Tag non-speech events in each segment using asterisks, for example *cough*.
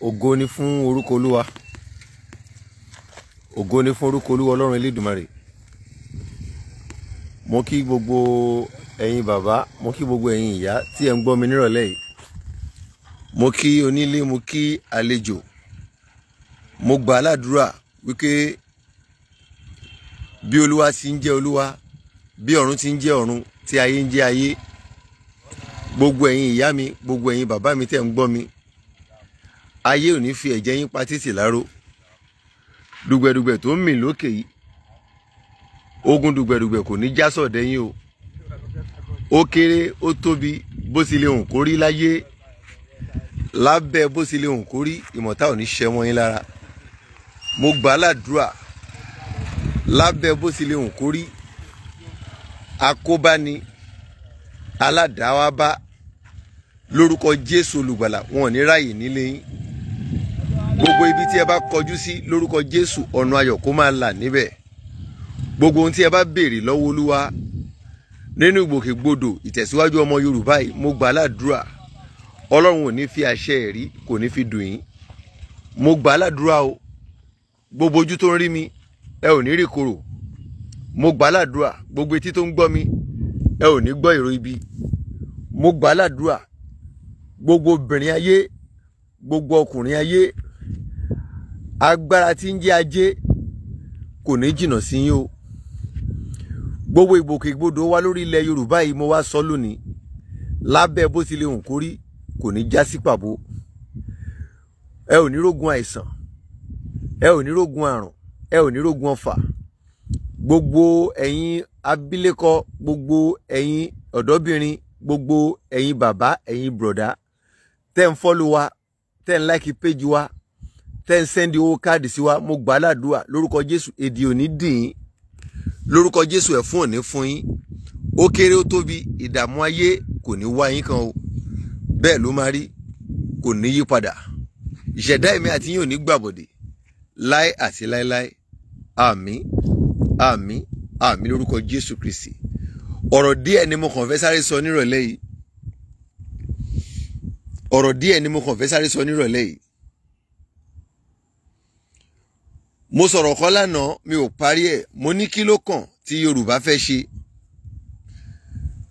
ògo ni fún orúkọ olúwa ògo ni fún orúkọ olúwa ọlọ́run elédùmarè mo kí gbogbo ẹ̀yin bàbá mo kí gbogbo ẹ̀yin ìyá tí ẹ̀ ń gbọ́ mi nírọ̀lẹ́ yìí mo kí onílé mo kí àlejò mo gbà á ládùúrà wípé bí olúwa ti ń jẹ́ olúwa bí ọ̀run ti ń jẹ́ ọ̀run tí ayé ń jẹ́ ayé gbogbo ẹ̀yin ìyá mi gbogbo ẹ̀yin bàbá mi tẹ̀ ń gbọ́ mi ayé ò ní fi ẹ̀jẹ̀ yín pa títì láró dùgbẹ̀dùgbẹ̀ tó ń mì lókè yìí ogun dùgbẹ̀dùgbẹ̀ kò ní já sọ̀dẹ̀ yín o ó kéré ó tóbi bó sì lè hùn kó rí láyé lábẹ́ bó sì lè hùn kó rí ìmọ̀ta ò ní ṣẹ́ mọ́ yín lára mo gbà á ládùúrà lábẹ́ bó sì lè hùn kó rí akóbáni aládàáwá bá lórúkọ Jésù olùgbàlà wọn ò ní ráàyè nílé yín gbogbo ibi tí ẹ bá kọjú sí lórúkọ jésù ọ̀nà ayọ̀ kó máa là níbẹ̀ gbogbo ohun tí ẹ bá béèrè lọ́wọ́ olúwa nínú ìgbòkègbodò ìtẹ̀síwájú ọmọ yorùbá yìí mo gbà ládùúrà ọlọ́run ò ní fi àṣẹ ẹ̀rí kò ní fi dùn yín mo gbà ládùúrà o gbogbo ojú tó ń rí mi ẹ ò ní rí korò mo gbà ládùúrà gbogbo etí tó ń gbọ́ mi ẹ ò ní gbọ́ èrò ibi mo gbà ládùúrà gbogbo obìnrin ayé gbogbo ọkùnrin ayé agbára tí ń jẹ́ ajé kò ní jìnnà sí yín o gbogbo ìgbòkègbodò wa lórí ilẹ̀ Yorùbá yìí mo wá sọ lónìí lábẹ́ bó ti lè hùn kórí kò ní já sí pàbó ẹ ò ní rógun àìsàn ẹ ò ní rógun àrùn ẹ ò ní rógun ọfà gbogbo ẹ̀yin abilékọ gbogbo ẹ̀yin ọ̀dọ́bìnrin gbogbo ẹ̀yin bàbá ẹ̀yin bùrọ̀dá tẹ́ ń fọ́lù wa tẹ́ ń láìkí péjì wa tẹ́ ń sẹ́ndí owó káàdì sí wa mo gbà á ládùúà lórúkọ jésù èdè òní dìín lórúkọ jésù ẹ̀fún òní fún yín ó kéré ó tóbi ìdààmú ayé kò ní wá yín kan o bẹ́ẹ̀ ló máa rí kò ní yí padà ìṣẹ̀dá ẹ̀mí àti yín ò ní gbàbọ̀dè láé àti láéláé àmín àmín àmín lórúkọ jésù kristi ọ̀rọ̀ díẹ̀ ni mo kàn fẹ́ sáré sọ nírọ̀lẹ́ yìí ọ̀rọ̀ díẹ̀ ni mo kàn fẹ́ sáré sọ nírọ̀lẹ́ yìí mo sọ̀rọ̀ kọ́ lánàá mi ò parí ẹ̀ mo ní kí ló kàn tí Yorùbá fẹ́ ṣe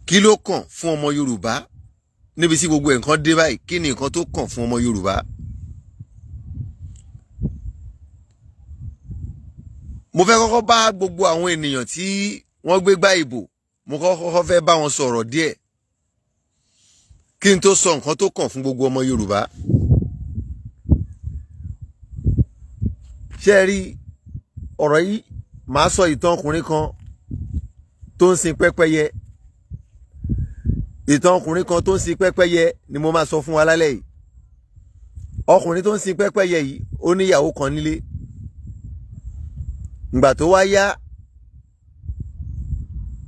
kí ló kàn fún ọmọ Yorùbá níbi tí gbogbo nǹkan dé báyìí kí ni nǹkan tó kàn fún ọmọ Yorùbá. mo fẹ́ kọ́kọ́ bá gbogbo àwọn ènìyàn tí wọ́n gbé gbá ìbò mo kọ́kọ́ fẹ́ bá wọn sọ̀rọ̀ díẹ̀ kí n tó sọ nǹkan tó kàn fún gbogbo ọmọ Yorùbá. ṣe é rí ọ̀rọ̀ yìí màá sọ ìtàn ọkùnrin kan tó ń sin pẹ́pẹ́yẹ ìtàn ọkùnrin kan tó ń sin pẹ́pẹ́yẹ ni mo máa sọ fún wa lálẹ́ yìí ọkùnrin tó ń sin pẹ́pẹ́yẹ yìí ó níyàwó kan nílé ìgbà tó wá yá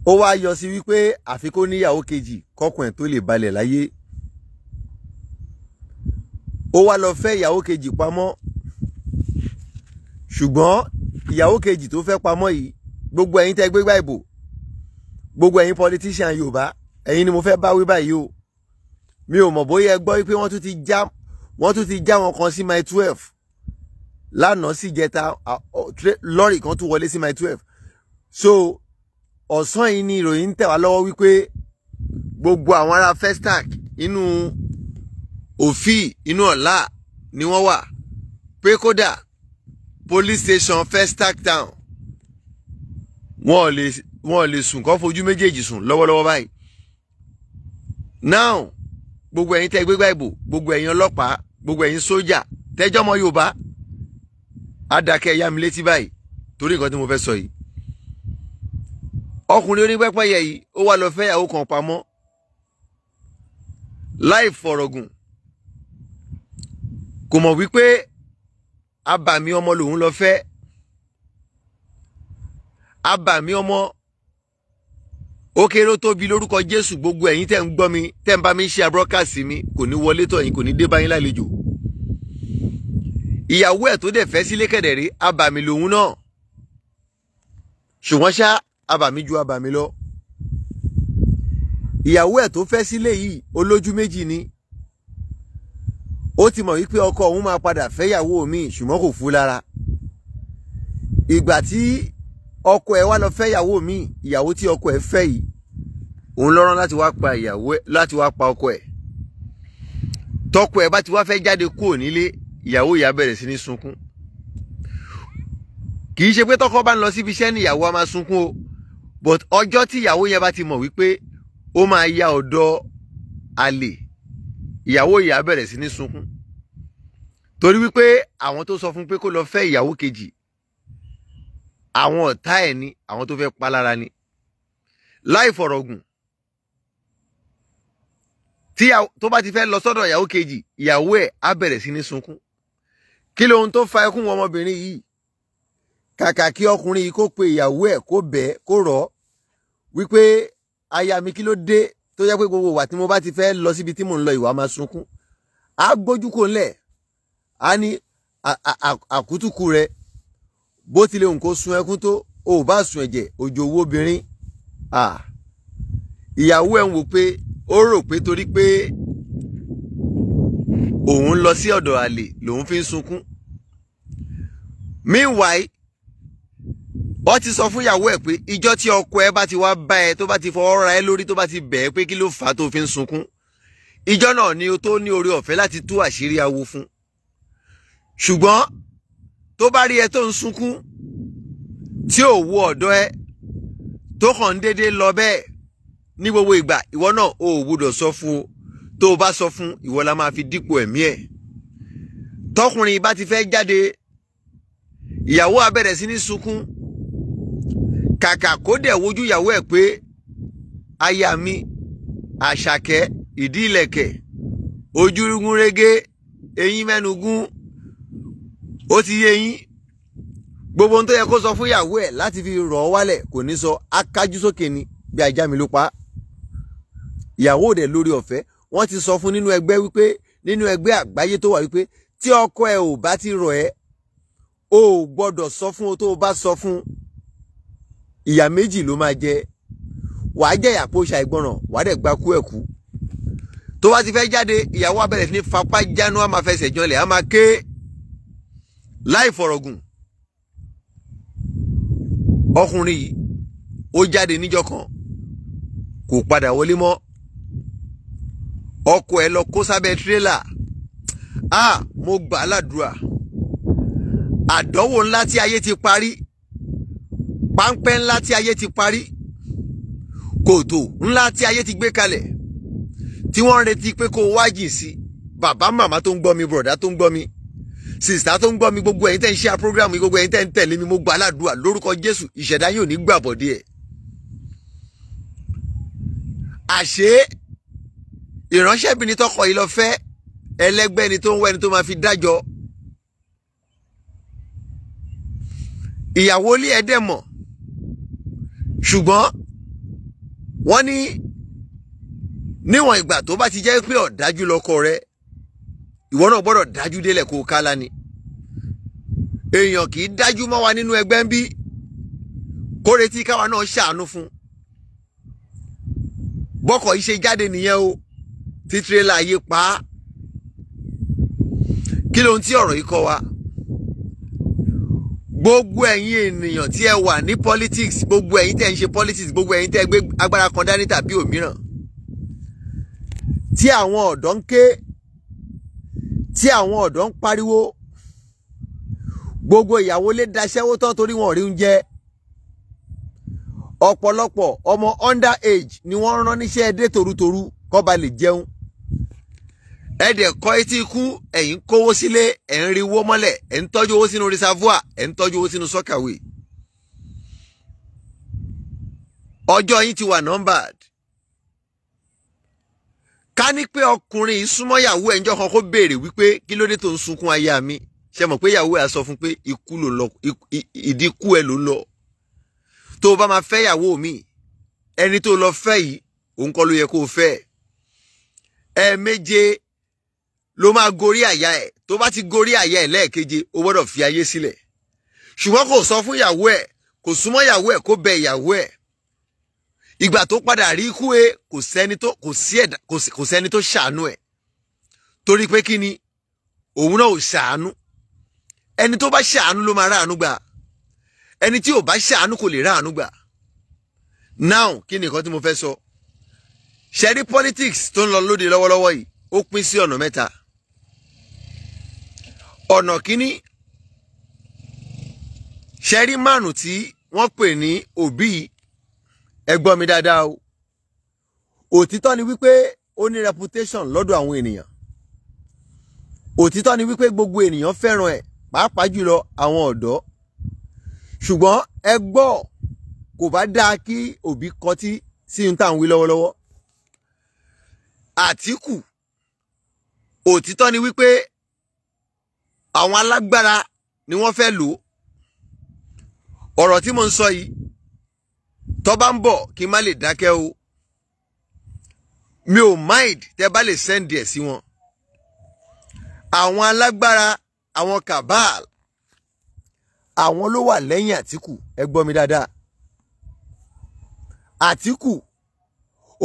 ó wá yọ sí wípé àfi kó níyàwó kejì kọkùn ẹ̀ tó lè balẹ̀ láyé ó wá lọ fẹ́ ìyàwó kejì pamọ́ ṣùgbọ́n ìyàwó kejì tó fẹ́ pamọ́ yìí gbogbo ẹ̀yin tẹ́ gbé gbà ìbò gbogbo ẹ̀yin politician yorùbá ẹ̀yin ni mo fẹ́ bá wí báyìí o mi ò mọ̀ bóyá ẹ gbọ́ pé wọ́n tún ti já wọ́n tún ti já wọn kan sí my twelve lánàá sì jẹta lọ́ọ̀rì kan tún wọlé sí my twelve so ọ̀sán yìí ni ìròyìn ń tẹ̀ wá lọ́wọ́ wípé gbogbo àwọn ará festac inú òfì inú ọ̀la ni wọ́n wà pé kódà police station Festac Town wọn ò lè wọn ò lè sùn kọ́ fojú méjèèjì sùn lọ́wọ́lọ́wọ́ báyìí now gbogbo ẹ̀yin tẹ́ gbégbá ìbò gbogbo ẹ̀yin ọlọ́pàá gbogbo ẹ̀yin sójà tẹ́jọ́ ọmọ Yorùbá adakẹ́ ya mi létí báyìí torí nǹkan tí mo fẹ́ sọ yìí ọkùnrin onípẹ́pẹ́yẹ yìí ó wá lọ fẹ́yàwó kan pamọ́ láì fọ̀rọ̀gùn kò mọ̀ wípé abàmì ọmọ lòun lọ fẹ́ abàmì ọmọ ó kéré ó tóbi lórúkọ Jésù gbogbo ẹ̀yin tẹ́ ń gbọ́ mi tẹ́ ń bá mi ṣe abúrọ́kàsí mi kò ní wọlé tọ̀ yín kò ní dé báyín lálejò ìyàwó ẹ̀ tó dẹ̀ fẹ́ sílé kẹ̀dẹ̀rí abàmì lòun náà ṣùgbọ́n ṣá abàmì ju abàmì lọ ìyàwó ẹ̀ tó fẹ́ sílé yìí olójú méjì ni ó ti mọ̀ wípé ọkọ òun máa padà fẹ́yàwó mi ṣùgbọ́n kò fún lára ìgbà tí ọkọ ẹ wá lọ fẹ́yàwó mi ìyàwó tí ọkọ ẹ fẹ́ yìí òun lọ́rán láti wá pa ìyàwó láti wá pa ọkọ ẹ tọkọ ẹ bá ti wá fẹ́ jáde kúrò nílé ìyàwó ìyá bẹ̀rẹ̀ sí ní sunkún kì í ṣe pé tọkọ bá ń lọ síbi iṣẹ́ ní ìyàwó a máa sunkún o but ọjọ́ tí ìyàwó yẹn bá ti mọ̀ wípé ó máa ya ọ̀dọ̀ àlè ìyàwó ìyá bẹ̀rẹ̀ sí ní sunkún torí wípé àwọn tó sọ fún pé kó lọ fẹ́ ìyàwó kejì àwọn ọ̀tá ẹ̀ ni àwọn tó fẹ́ palára ni láì fọ̀rọ̀gùn tí tó bá ti fẹ́ lọ sọ́dọ̀ ìyàwó kejì ìyàwó ẹ̀ á bẹ̀rẹ̀ sí ní sunkún kí lóhun tó fa ẹkún ọmọbìnrin yìí kàkà kí ọkùnrin yìí kó pe ìyàwó ẹ̀ kó bẹ̀ kó rọ̀ wípé aya mi kí ló dé tó jẹ́ pé gbogbo ìwà tí mo bá ti fẹ́ lọ síbi tí mò ń lọ ìwà máa sunkún á gbójú kò ńlẹ̀ á ní àkútùkù rẹ bó tilẹ̀ òǹkó sun ẹkún tó o ò bá sun ẹ̀jẹ̀ òjò owó obìnrin ìyàwó ẹ̀ ń wò pé ó rò pé torí pé òun lọ sí ọ̀dọ̀ àlè lòun fi ń sunkún meanwhile ó ti sọ fún ìyàwó ẹ pé ìjọ tí ọkọ ẹ bá ti wá bá ẹ tó bá ti fọwọ́ ra ẹ lórí tó bá ti bẹ̀ ẹ́ pé kí ló fà á tó fi ń sunkún ìjọ náà ni o tó ní oore ọ̀fẹ́ láti tú àṣírí awo fún ṣùgbọ́n tó bá rí ẹ tó ń sunkún tí ò wo ọ̀dọ̀ ẹ tó kàn ń lọ bẹ́ẹ̀ ní gbogbo ìgbà ìwọ náà ò gbúdọ̀ sọ fún o tó o bá sọ fún ìwọ la máa fi dípò ẹ̀mí ẹ̀ tọkùnrin bá ti fẹ́ jáde ìyàwó á bẹ̀rẹ̀ sí ní sunkún kàkà kó dẹ̀ wojú ìyàwó ẹ̀ pé aya mi àṣàkẹ́ ìdí ìlẹ̀kẹ̀ ojú rúgún régé eyín mẹ́nu gún ó ti yé yín gbogbo ohun tó yẹ kó sọ fún ìyàwó ẹ̀ láti fi rọ̀ ọ́ wálẹ̀ kò ní sọ akájú sókè ni bí ajá mi ló pa ìyàwó òde lórí ọ̀fẹ́ wọ́n ti sọ fún nínú ẹgbẹ́ wípé nínú ẹgbẹ́ àgbáyé tó wà wípé tí ọkọ ẹ ò bá ti rọ̀ ẹ́ o ò gbọ́dọ̀ sọ fún o tó o bá sọ fún un ìyà méjì ló máa jẹ wàá jẹ ìyà pé ó ṣàìgbọràn wàá dẹ̀ gba kú ẹ̀kú tó bá ti fẹ́ jáde ìyàwó abẹ́rẹ́ sí ní fapá jánu á máa fẹsẹ̀ janlẹ̀ á máa ké láì fọ̀rọ̀gùn ọkùnrin yìí ó jáde níjọ́ kan kò padà wọlé mọ́ ọkọ ẹ̀ lọ kó sábẹ́ tírélà a ah, mo gbà á ládùúrà àdánwò ńlá tí ayé ti parí páńpẹ́ ńlá tí ayé ti parí kòtò ńlá tí ayé ti gbé kalẹ̀ tí wọ́n retí pé kó wá jìn sí bàbá màmá tó ń gbọ́ mi bùrọ̀dá tó ń gbọ́ mi sìsítà tó ń gbọ́ mi gbogbo ẹ̀yin tẹ́ ń ṣe program yìí gbogbo ẹ̀yin tẹ́ ń tẹ̀lé mi mo gba aládùúrà lórúkọ Jésù ìṣẹ̀dá yóò ní gbàbọ̀dé ẹ̀. àṣé ìránṣẹ́bìnrin tọkọ yìí lọ fẹ́ ẹlẹ́gbẹ́ ni tó ń wá tó máa fi dájọ́ ìyàwó ilé ẹ̀ dẹ̀ mọ̀ ṣùgbọ́n wọ́n ní níwọ̀n ìgbà tó bá ti jẹ́ pé ọ̀dájú lọ́kọ rẹ ìwọ náà gbọ́dọ̀ dájú délẹ̀ kó o kálá ni èèyàn kì í dájú mọ́ wa nínú ẹgbẹ́ ń bí kó retí káwa náà ṣàánú fún bọ́kọ̀ yìí ṣe jáde nìyẹn o tí tirẹ̀là yìí pa á kí lóhun tí ọ̀rọ̀ yìí kọ́ wa gbogbo ẹ̀yin ènìyàn tí ẹ wà ní politics gbogbo ẹ̀yin tẹ́ ń ṣe politics gbogbo ẹ̀yin tẹ́ gbé agbára kan dání tàbí òmíràn tí àwọn ọ̀dọ́ ń ké tí àwọn ọ̀dọ́ ń pariwo gbogbo ìyàwó lè daṣẹ́wó tán torí wọn rí oúnjẹ ọ̀pọ̀lọpọ̀ ọmọ under age ni wọ́n rán níṣẹ́ dé torutoru kó ba lè jẹun ẹ dẹ̀ kọ́ etí ikú ẹ̀yin kówó sílé ẹ̀ ń rí wó mọ́lẹ̀ ẹ̀ ń tọ́jú owó sínú reservoir ẹ̀ ń tọ́jú owó sínú sọ́kàwé. ọjọ́ yín ti wà numbered. ká ní pé ọkùnrin yìí súnmọ́ yàwó ẹ̀ ń jọ́ kan kó béèrè wípé kí ló dé tó ń sunkún aya mi ṣe mọ̀ pé yàwó ẹ̀ sọ fún pé ikú ló lọ ìdínkù ẹ̀ ló lọ. tó o bá máa fẹ́ yàwó mi ẹni tó lọ fẹ́ yìí òun kọ́ ló yẹ kó o fẹ́ ẹ̀ méje ló máa gorí àyà ẹ̀ tó bá ti gorí àyà ẹ̀ lẹ́ẹ̀keje ó gbọ́dọ̀ fi ayé sílẹ̀ ṣùgbọ́n kò sọ fún ìyàwó ẹ̀ kò súnmọ́ ìyàwó ẹ̀ kó bẹ ìyàwó ẹ̀ ìgbà tó padà rí ikú e kò sẹ́ni tó kò sí ẹ̀dá ṣàánú ẹ̀ torí pé kí ni òun náà ò ṣàánú ẹni tó bá ṣàánú ló máa ráàánú gbà ẹni tí ò bá ṣàánú kò lè ráàánú gbà now kí ni nǹkan tí mo fẹ́ sọ ṣẹ́rí politics tó ń lọ lóde lọ́wọ́lọ́wọ́ yìí ó pín sí ọ̀nà mẹ́ta ọ̀nà kínní ṣẹ́rí márùn tí wọ́n pè ní òbí ẹ mi dáadáa o òtítọ́ ni wípé ó ní reputation lọ́dọ̀ àwọn ènìyàn òtítọ́ ni wípé gbogbo ènìyàn fẹ́ràn ẹ̀ pàápàá jùlọ àwọn ọ̀dọ́ ṣùgbọ́n ẹ gbọ́ kò bá dáa kí òbí kọtí sí ní tàwọn wí lọ́wọ́lọ́wọ́ Àtíkù òtítọ́ ni wípé àwọn alágbára ni wọ́n fẹ́ lò ọ̀rọ̀ tí mo ń sọ yìí tó bá ń bọ̀ kí n má lè dákẹ́ o mi ò mind tẹ́ bá lè sẹ́ndì ẹ̀ sí wọn àwọn alágbára àwọn kabal àwọn ló wà lẹ́yìn Àtíkù ẹ gbọ́ mi dáadáa Àtíkù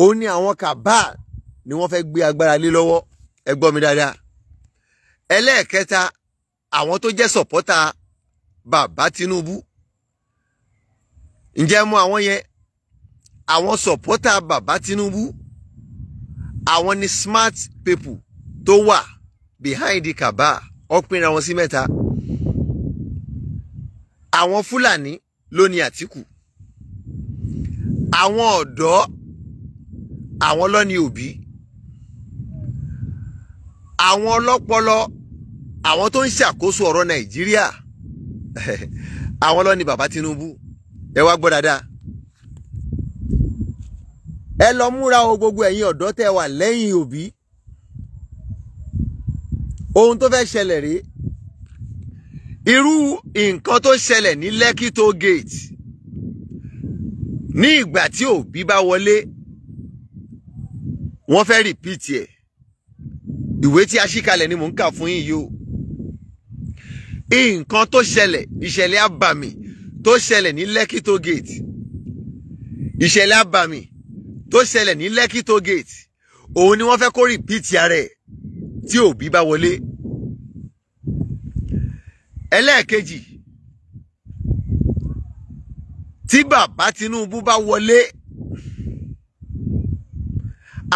òun ni àwọn kabal ni wọ́n fẹ́ gbé agbára lé lọ́wọ́ ẹ gbọ́ mi dáadáa ẹlẹ́ẹ̀kẹta àwọn tó jẹ́ sọ̀pọ́tà bàbá Tinubu ǹjẹ́ mọ̀ àwọn yẹn àwọn sọ̀pọ́tà bàbá Tinubu àwọn ni smart people tó wà behind the kaba ọpinra wọn sí mẹ́ta àwọn Fúlàní ló ní Àtíkù àwọn ọ̀dọ́ àwọn ló ní Òbí àwọn ọlọ́pọlọ àwọn tó ń ṣàkóso ọ̀rọ̀ nàìjíríà *laughs* àwọn ló ní bàbá Tinubu ẹ wá gbọ́ dáadáa ẹ lọ múra o gbogbo ẹ̀yin ọ̀dọ́ tẹ́ wà lẹ́yìn Òbí ohun tó fẹ́ ṣẹlẹ̀ rèé irú nǹkan tó ṣẹlẹ̀ ní Lekki toll gate ní ìgbà tí Òbí bá wọlé wọ́n fẹ́ rìpíìtì ẹ̀ ìwé tí a ṣí kalẹ̀ ni mò ń kà fún yín yìí o nǹkan tó ṣẹlẹ̀ ìṣẹ̀lẹ̀ abàmì tó ṣẹlẹ̀ ní Lekki toll gate ìṣẹ̀lẹ̀ abàmì tó ṣẹlẹ̀ ní Lekki toll gate òun ni wọ́n fẹ́ kó rìpíìtì ara ẹ̀ tí Obi bá wọlé ẹlẹ́ẹ̀kejì tí bàbá Tinubu bá wọlé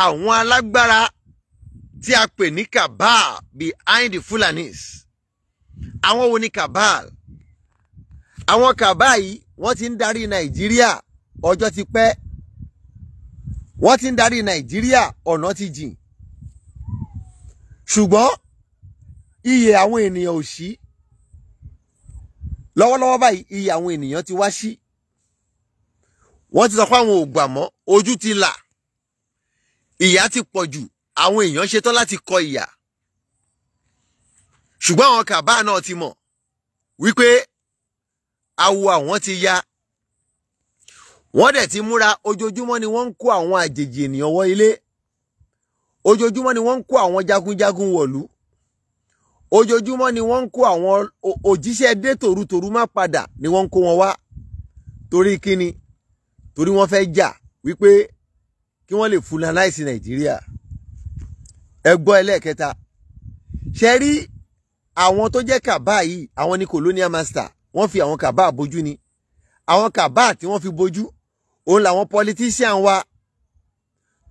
àwọn alágbára tí a pè ní kabab behind the Fulanis àwọn wo ni Kabal àwọn Kabal yìí wọ́n ti ń darí Nàìjíríà ọjọ́ ti pẹ́ wọ́n ti ń darí Nàìjíríà ọ̀nà ti jìn ṣùgbọ́n iye àwọn ènìyàn ò sí lọ́wọ́lọ́wọ́ báyìí iye àwọn ènìyàn ti wá sí wọ́n ti sọ pé àwọn ò gbà mọ́ ojú ti là ìyà ti pọ̀ jù àwọn èèyàn ṣetán láti kọ ìyà ṣùgbọ́n àwọn kàbá náà ti mọ̀ wípé awo àwọn ti ya wọ́n dẹ̀ ti múra ojoojúmọ́ ni wọ́n ń kó àwọn àjèjì ènìyàn wọ ilé ojoojúmọ́ ni wọ́n ń kó àwọn jagunjagun wọ̀lú ojoojúmọ́ ni wọ́n ń kó àwọn òjíṣẹ́ dé tòrutòru má padà ni wọ́n ń kó wọn wá torí kíni torí wọ́n fẹ́ jà wípé kí wọ́n lè fulanize Nàìjíríà ẹ gbọ́ ẹlẹ́ẹ̀kẹta ṣe rí àwọn tó jẹ́ kàbá yìí àwọn ni colonial master wọ́n fi àwọn kàbá bojú ni àwọn kàbá tí wọ́n fi bojú òun làwọn politician wa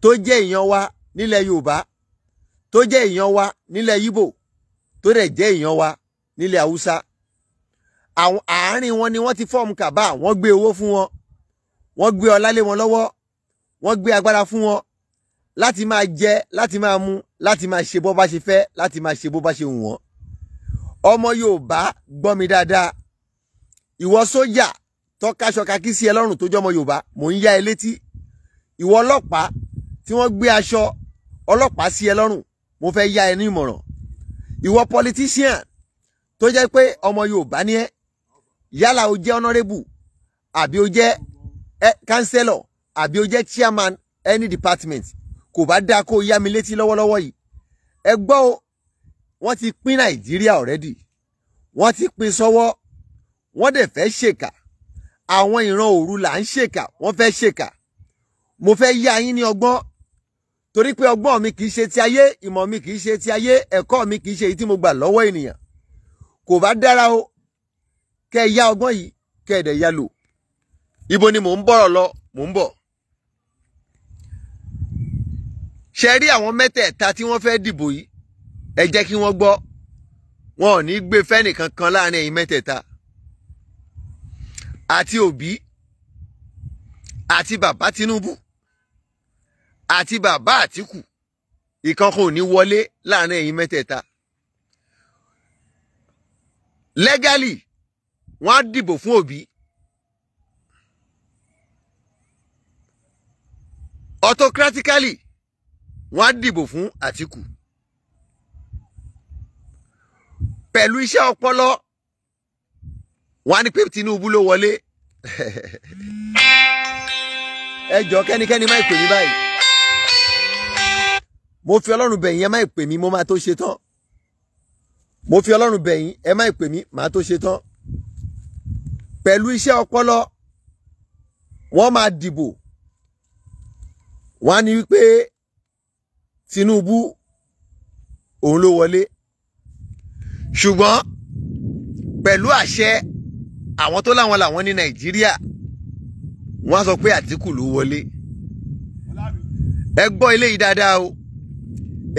tó jẹ́ èèyàn wa nílẹ̀ Yorùbá tó jẹ́ èèyàn wa nílẹ̀ Yíbò tó dẹ̀ jẹ́ èèyàn wa nílẹ̀ Haúsá àárín wọn ni wọ́n ti fọ́ọ̀mù kàbá wọ́n gbé owó fún wọn wọ́n gbé ọlá lé wọn lọ́wọ́ wọ́n gbé agbára fún wọn láti máa jẹ láti máa mu láti máa ṣe bó bá ṣe fẹ́ láti máa ṣe bó bá ṣe wù wọ́n ọmọ Yorùbá gbọ́ mi dáadáa ìwọ sójà tọ́kaṣọ kakí sí ẹ lọ́rùn tó jọmọ Yorùbá mò ń yá ẹ létí ìwọ ọlọ́pàá tí wọ́n gbé aṣọ ọlọ́pàá sí ẹ lọ́rùn mo fẹ́ yá ẹ ní ìmọ̀ràn ìwọ politician tó jẹ́ pé ọmọ Yorùbá ni ẹ yálà o jẹ́ honourable àbí o jẹ́ councillor àbí o jẹ́ chairman any department kò bá dáa kó o yá mi létí lọ́wọ́lọ́wọ́ yìí ẹ gbọ́ o wọ́n ti pín nàìjíríà ọ̀rẹ́dì wọ́n ti pín sọ́wọ́ wọ́n dẹ̀ fẹ́ ṣèkà àwọn ìran òru là ń ṣèkà wọ́n fẹ́ ṣèkà mo fẹ́ yá yín ní ọgbọ́n torí pé ọgbọ́n mi kì í ṣe ti ayé ìmọ̀ mi kì í ṣe ti ayé ẹ̀kọ́ mi kì í ṣe èyí tí mo gbà lọ́wọ́ ènìyàn kò bá dára o kẹ́ ẹ yá ọgbọ́n yìí kẹ́ ẹ dẹ̀ yá lò ibo ni mò ń bọ̀rọ̀ lọ mò ń bọ̀. ṣe rí àwọn mẹ́tẹ̀ẹ̀ta tí wọ́n fẹ́ dìbò yìí ẹ jẹ́ kí wọ́n gbọ́ wọn ò ní gbé fẹ́nìkan kan láàrin ẹ̀yin mẹ́tẹ̀ẹ̀ta àti òbí àti bàbá Tinubu àti bàbá Àtíkù ìkan kò ní wọlé láàrin ẹ̀yin mẹ́tẹ̀ẹ̀ta lẹ́gálì wọ́n á dìbò fún òbí autocratically wọ́n á dìbò fún Àtíkù. pẹ̀lú iṣẹ́ ọpọlọ wọ́n á ní pé Tinubu ló wọlé ẹ jọ kẹ́nikẹ́ni má pè mí báyìí mo fi Ọlọ́run bẹ̀yìn ẹ má pè mí mo máa tó ṣe tán mo fi Ọlọ́run bẹ̀yìn ẹ má pè mí máa tó ṣe tán pẹ̀lú iṣẹ́ ọpọlọ wọ́n máa dìbò wọ́n ní wípé Tinubu òun ló wọlé ṣùgbọ́n pẹ̀lú àṣẹ àwọn tó láwọn làwọn ní nàìjíríà wọ́n á sọ pé àtìkù ló wọlé ẹ gbọ́ eléyìí dáadáa o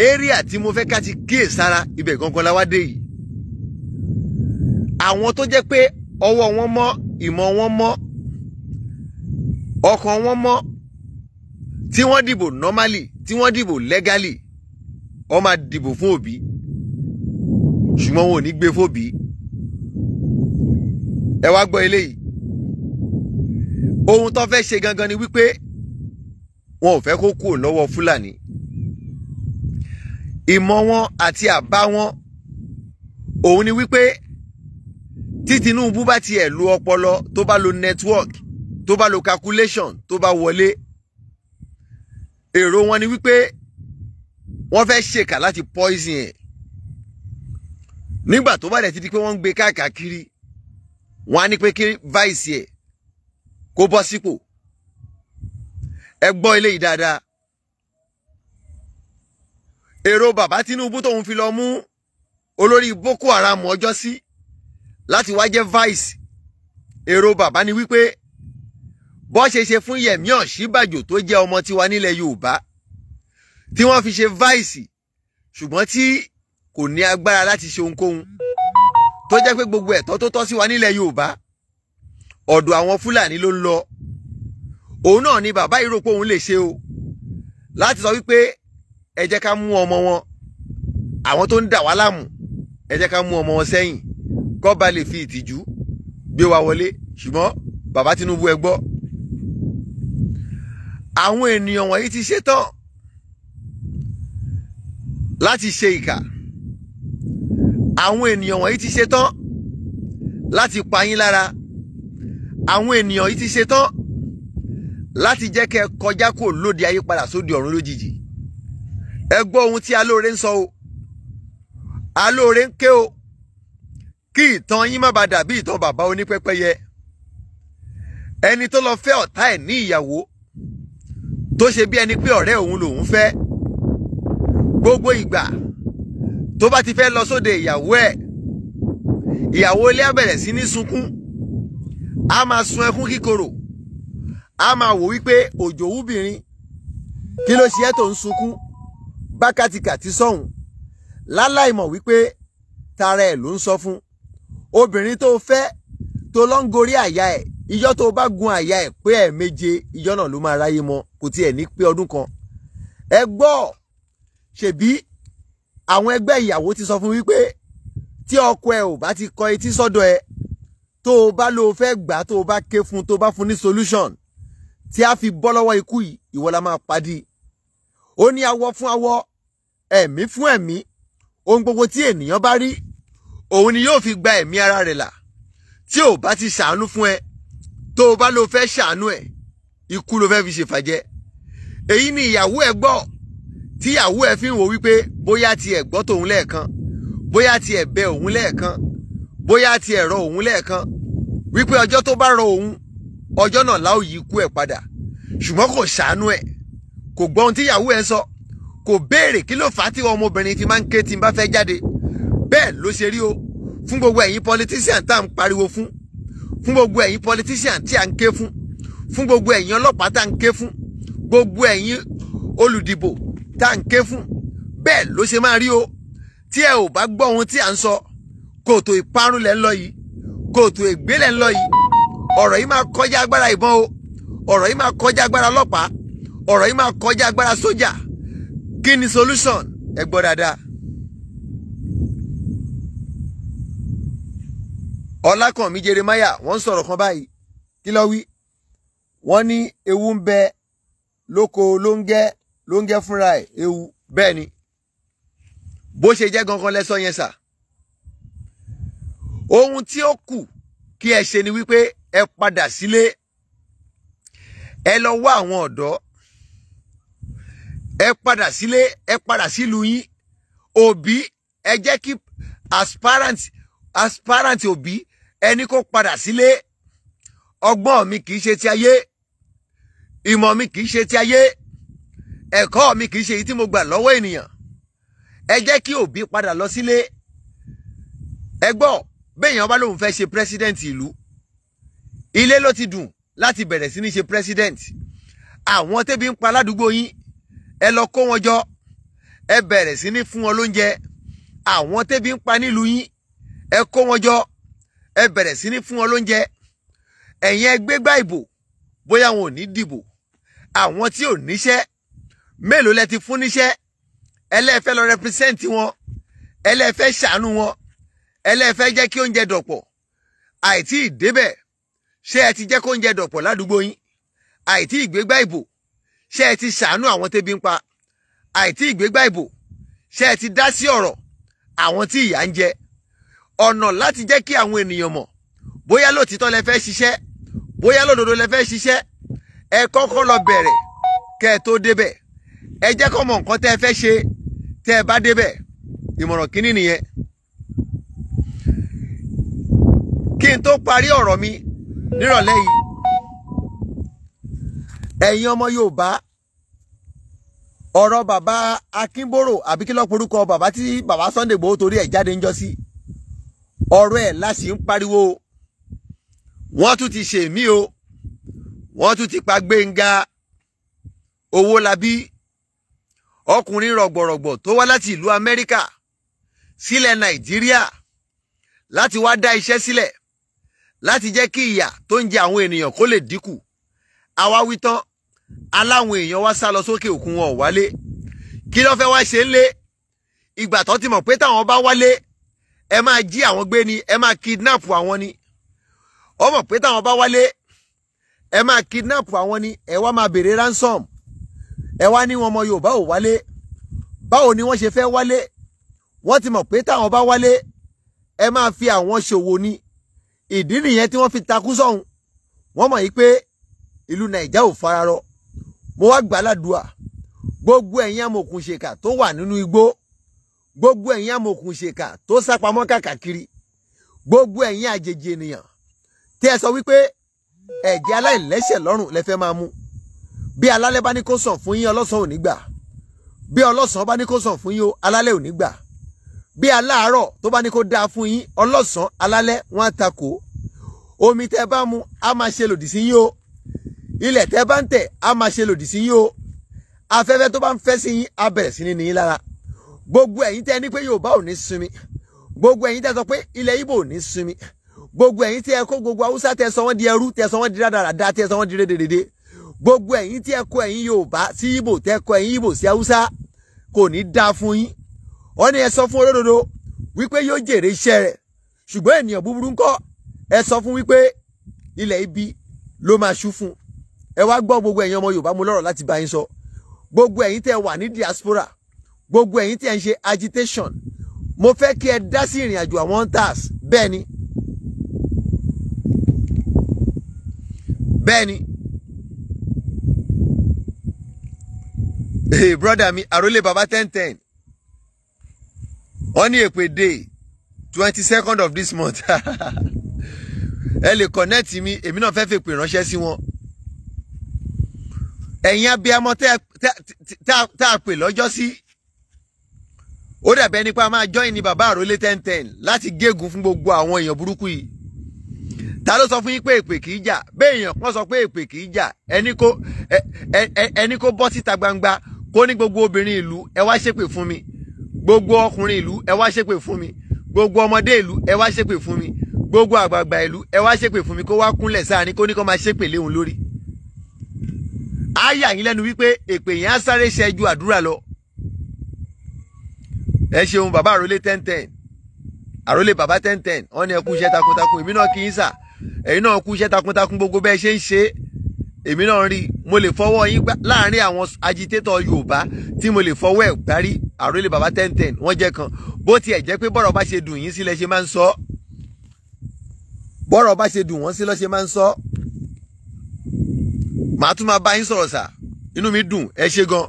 area tí mo fẹ́ ká ti kíyè sára ibẹ̀ gangan la wá dé yìí àwọn tó jẹ́ pé ọwọ́ wọn mọ́ ìmọ̀ wọn mọ́ ọkàn wọn mọ́ tí wọ́n dìbò normally tí wọ́n dìbò legally ó máa dìbò fún Òbí ṣùgbọ́n wọn ò ní gbé fòbí ẹ wá gbọ́ eléyìí ohun tó fẹ́ ṣe gangan ni wípé wọn ò fẹ́ kó kúrò lọ́wọ́ fúlàní ìmọ̀ wọn àti àbá wọn òun ni wípé tí Tinubu bá tiẹ̀ lo ọpọlọ tó bá lo network tó bá lo calculation tó bá wọlé èrò wọn ni wípé wọ́n fẹ́ ṣèkà láti poison ẹ̀ nígbà tó bá dẹ̀ ti di pé wọ́n ń gbé káàkiri wọ́n á ní pé kí vice ẹ̀ kó bọ́ sípò ẹ gbọ́ eléyìí dáadáa èrò bàbá Tinubu tóun fi lọ mú olórí Boko Haram ọjọ́ sí láti wá jẹ́ vice èrò bàbá ni wípé bọ́ ṣe ṣe fún Yẹ̀mí Ọ̀ṣínbàjò tó jẹ́ ọmọ tiwa nílẹ̀ Yorùbá tí wọ́n fi ṣe vice ṣùgbọ́n tí kò ní agbára láti ṣe ohunkóhun tó jẹ́ pé gbogbo ẹ̀tọ́ tó tọ́ sí wa nílẹ̀ Yorùbá ọ̀dọ̀ àwọn Fúlàní ló ń lọ òun náà ni bàbá yìí rò pé òun lè ṣe o láti sọ wípé ẹ jẹ́ ká mú ọmọ wọn àwọn tó ń dà wá láàmú ẹ jẹ́ ká mú ọmọ wọn sẹ́yìn kọ́ba lè fi ìtìjú gbé wa wọlé ṣùgbọ́n bàbá Tinubu ẹ gbọ́ àwọn ènìyàn wọ̀nyí ti ṣetán láti ṣe ìkà àwọn ènìyàn wọ̀nyí ti ṣetán láti pa yín lára àwọn ènìyàn yìí ti ṣetán láti jẹ́ kẹ́ kọjá kò lóde ayé padà sóde ọ̀run lójijì ẹ gbọ́ ohun tí alóore ń sọ o alóore ń ké o kí ìtàn yín má bàa dàbí ìtàn bàbá onípẹ́pẹ́yẹ ẹni tó lọ fẹ́ ọ̀tá ẹ̀ ní ìyàwó tó ṣe bí ẹni pé ọ̀rẹ́ òun lòun fẹ́ gbogbo ìgbà tó bá ti fẹ́ lọ sóde ìyàwó ẹ̀ ìyàwó ilé á bẹ̀rẹ̀ sí ní sunkún á máa sun ẹkún kíkorò á máa wò wípé òjòwúbìnrin kí ló ṣe ẹ́ tó ń sunkún bákàtìkàtì sọ̀hún láláì mọ̀ wípé tara ẹ̀ ló ń sọ fún obìnrin tó fẹ́ tó lọ gorí àyà ẹ̀ ìjọ́ tó bá gun àyà ẹ̀ pé ẹ̀ méje náà ló máa ráyè mọ́ kò tiẹ̀ ní pé ọdún kan ẹ gbọ́ ṣèbí àwọn ẹgbẹ́ ìyàwó ti sọ fún wípé tí ọkọ ẹ ò bá ti kọ etí sọ́dọ̀ ẹ tó o bá lò ó fẹ́ gbà tó o bá ké fún tó o bá fún ní solution tí a fi bọ́ lọ́wọ́ ikú yìí ìwọ la máa padì ó ní awọ fún awọ ẹ̀mí fún ẹ̀mí ohun gbogbo tí ènìyàn bá rí òun ni yóò fi gba ẹ̀mí ara rẹ̀ là tí ò bá ti ṣàánú fún ẹ tó o bá lò ó fẹ́ ṣàánú ẹ ikú ló fẹ́ fi ṣèfàjẹ́ èyí ni ìyàwó ẹ gbọ́ tíyàwó ẹ̀ fi ń wo wípé bóyá tiẹ̀ gbọ́ tòun lẹ́ẹ̀kan bóyá tiẹ̀ bẹ òun lẹ́ẹ̀kan bóyá tiẹ̀ rọ òun lẹ́ẹ̀kan wípé ọjọ́ tó bá rọ òun ọjọ́ náà láò yí ikú ẹ̀ padà ṣùgbọ́n kò ṣàánú ẹ̀ kò gbọ́ ohun tíyàwó ẹ̀ sọ kò béèrè kí ló fà á tí ọmọbìnrin fi máa ń ké tí n bá fẹ́ jáde bẹ́ẹ̀ ló ṣe rí o fún gbogbo ẹ̀yin politician tá à ń pariwo fún fún gbogbo ẹ̀yin politician tí à ń ké fún fún gbogbo ẹ̀yin ọlọ́pàá tá à ń ké fún gbogbo ẹ̀yin olùdìbò tá à ń ké fún bẹ́ẹ̀ ló ṣe máa rí o tí ẹ ò bá gbọ́ ohun tí à ń sọ kòtò ìparun lẹ̀ ń lọ yìí kòtò ìgbélẹ̀ ń lọ yìí ọ̀rọ̀ yìí máa kọjá agbára ìbọn o ọ̀rọ̀ yìí máa kọjá agbára ọlọ́pàá ọ̀rọ̀ yìí máa kọjá agbára sójà kí ni solution ẹ gbọ́ dáadáa. ọlákànmí jeremaya wọ́n sọ̀rọ̀ kan báyìí kí ló wí wọ́n ní ewu ń bẹ lóko ló ló ń jẹ́ fúnra ẹ̀ ewu bẹ́ẹ̀ ni bó ṣe jẹ́ gangan lẹ́sọ yẹn sà ohun tí ó kù kí ẹ ṣe ni wípé ẹ padà sílé ẹ lọ wá àwọn ọ̀dọ́ ẹ padà sílé ẹ padà sílùú yín òbí ẹ jẹ́ kí aspirant aspirant òbí ẹni kó padà sílé ọgbọ́n mi kì í ṣe ti ayé ìmọ̀ mi kì í ṣe ti ayé ẹ̀kọ́ mi kì í ṣe èyí tí mo gbà lọ́wọ́ ènìyàn ẹ jẹ́ kí òbí padà lọ sílé ẹ gbọ́ béèyàn bá lóun fẹ́ ṣe president ìlú ilé ló ti dùn láti bẹ̀rẹ̀ sí ní ṣe president àwọn tẹ́bi ń pa aládùúgbò yín ẹ lọ kó wọn jọ ẹ bẹ̀rẹ̀ sí ní fún wọn lóúnjẹ àwọn tẹ́bi ń pa nílùú yín ẹ kó wọn jọ ẹ bẹ̀rẹ̀ sí ní fún wọn lóúnjẹ ẹ̀yin ẹ gbégbá ìbò bóyá wọn ò ní dìbò àwọn tí ò níṣẹ́ mélòó lẹ ti fún níṣẹ́ ẹlẹ́fẹ́ lọ represent wọn ẹlẹ́fẹ́ ṣàánú wọn ẹlẹ́fẹ́ jẹ́ kí oúnjẹ dọ̀pọ̀ àìtí ìdébẹ̀ ṣé ẹ ti jẹ́ kó oúnjẹ dọ̀pọ̀ ládùúgbò yín àìtí ìgbégbá ìbò ṣé ẹ ti ṣàánú àwọn tẹ́bi ń pa àìtí ìgbégbá ìbò ṣé ẹ ti dá sí ọ̀rọ̀ àwọn tí ìyà ń jẹ ọ̀nà láti jẹ́ kí àwọn ènìyàn mọ̀ bóyá lóòtítọ́ lẹ fẹ́ ṣiṣẹ́ bóyá lódodo lẹ fẹ́ ṣiṣẹ́ ẹ kọ́kọ́ lọ bẹ̀rẹ̀ kẹ́ ẹ tó débẹ̀ ẹ jẹ́ kọ́ mọ nǹkan tẹ́ ẹ fẹ́ ṣe tẹ́ ẹ bá débẹ̀ ìmọ̀ràn kínní nìyẹn. kí n tó parí ọ̀rọ̀ mi nírọ̀lẹ́ yìí ẹ̀yin ọmọ Yorùbá ọ̀rọ̀ bàbá Akínbórò àbí kí lọ́ọ́ porúkọ bàbá tí bàbá Sunday Igboho torí ẹ̀ jáde ń jọ sí ọ̀rọ̀ ẹ̀ la ń pariwo wọ́n tún ti ṣèmí o wọ́n tún ti pa Gbénga Owólabí ọkùnrin rọ̀gbọ̀rọ̀gbọ̀ tó wá láti ìlú Amẹ́ríkà sílẹ̀ Nàìjíríà láti wá dá iṣẹ́ sílẹ̀ láti jẹ́ kí ìyà tó ń jẹ àwọn ènìyàn kó lè dínkù àwa wí tán aláwọn èèyàn wá sá lọ sókè òkun wọn ò wálé kí ló fẹ́ wá ṣe ń lé ìgbà tó ti mọ̀ pé táwọn bá wálé ẹ máa jí àwọn gbé ni ẹ máa kidnap àwọn ni ó pé táwọn bá wálé ẹ máa kidnap àwọn ni ẹ wá máa béèrè ransom ẹ wá ní wọn ọmọ Yorùbá ò wálé báwo ni wọ́n ṣe fẹ́ wálé wọ́n ti mọ̀ pé táwọn bá wálé ẹ máa fi àwọn ṣòwò ni ìdí nìyẹn tí wọ́n fi takú sọ́hun wọ́n mọ̀ yí pé ìlú Nàìjá ò fararọ mo wá gbàládùá gbogbo ẹ̀yin amòkùnṣèkà tó wà nínú igbó gbogbo ẹ̀yin amòkùnṣèkà tó sápamọ́ kàkàkiri gbogbo ẹ̀yin àjèjì ènìyàn tí ẹ sọ wípé ẹ̀jẹ̀ aláìlẹ́ṣẹ̀ lọ́rùn lẹ máa mú bí alálẹ̀ bá ní kó sàn fún yín ọlọ́sàn ò ní gbà bí ọlọ́sàn bá ní kó sàn fún yín alálẹ̀ ò ní gbà bí aláàárọ̀ tó bá ní kó dáa fún yín ọlọ́sàn alálẹ̀ wọn á takò omi tẹ́ bá mu á máa ṣe lòdì sí yín o ilẹ̀ tẹ́ bá ń tẹ̀ á máa ṣe lòdì sí yín o afẹ́fẹ́ tó bá ń fẹ́ sí yín á bẹ̀rẹ̀ sí ní ní yín lára gbogbo ẹ̀yin tẹ́ ní pé Yorùbá ò ní sinmi gbogbo ẹ̀yin tẹ́ sọ pé ilẹ̀ Ìgbò ò ní sinmi gbogbo ẹ̀yin tẹ́ kó gbogbo Haúsá tẹ́ sọ wọ́n di ẹrú tẹ́ sọ wọ́n di rádaràda tẹ́ sọ wọ́n di rédèrèdè gbogbo ẹ̀yin tí ẹ kó ẹ̀yin Yorùbá sí Ìgbò tẹ́ kó ẹ̀yin Ìgbò sí Haúsá kò ní dáa fún yín wọ́n ní ẹ sọ fún olódodo wípé yóò jèrè iṣẹ́ rẹ̀ ṣùgbọ́n ènìyàn búburú ńkọ́ ẹ sọ fún wípé ilẹ̀ ibi ló máa ṣú fún ẹ wá gbọ́ gbogbo ẹ̀yin ọmọ Yorùbá mo lọ́rọ̀ láti bá yín sọ gbogbo ẹ̀yin tẹ́ wà ní diaspora gbogbo ẹ̀yin tí ń ṣe agitation mo fẹ́ kí ẹ dá sí ìrìn àjò àwọn hunters bẹ́ẹ̀ ni bẹ́ẹ̀ ni hey, brother mi arole baba ten ten wọ́n ní èpè day twenty second of this month *laughs* ẹ lè connect mi èmi náà fẹ́ẹ́ fèpè ránṣẹ́ sí wọn ẹ̀yin abiyamọ tá a pè lọ́jọ́ sí ó dàbẹ́ nípa máa join ni baba àrólé ten ten láti gégùn fún gbogbo àwọn èèyàn burúkú yìí ta ló sọ fún yín pé èpè kìí jà béèyàn kan sọ pé èpè kìí jà ẹni kó bọ́ síta gbangba kó ní gbogbo obìnrin ìlú ẹ wá ṣépè fún mi gbogbo ọkùnrin ìlú ẹ wá ṣépè fún mi gbogbo ọmọdé ìlú ẹ wá ṣépè fún mi gbogbo àgbààgbà ìlú ẹ wá ṣépè fún mi kó wá kúnlẹ̀ sáàrin kó ní kó máa ṣépè léhùn lórí. á yà yín lẹ́nu wípé èpè yẹn á sáré ṣe àdúrà lọ. ẹ ṣeun bàbá àròlé ten ten àròlé bàbá ten ten wọn ni ẹ kú iṣẹ́ takuntakun èmi náà kì í sà ẹ̀yin náà kú iṣẹ́ takuntakun gbogbo bẹ́ẹ̀ ṣe ń ṣe èmi náà rí mo lè fọwọ́ yín gbá láàrin àwọn agitator Yorùbá tí mo lè fọwọ́ ẹ̀ gbárí àròlé baba ten ten wọ́n jẹ́ kan bó tiẹ̀ jẹ́ pé bọ́rọ̀ bá ṣe dùn yín sílẹ̀ ṣe máa ń sọ bọ́rọ̀ bá ṣe dùn wọ́n sílẹ̀ ṣe máa ń sọ màá tún máa bá yín sọ̀rọ̀ sà inú mi dùn ẹ ṣe gan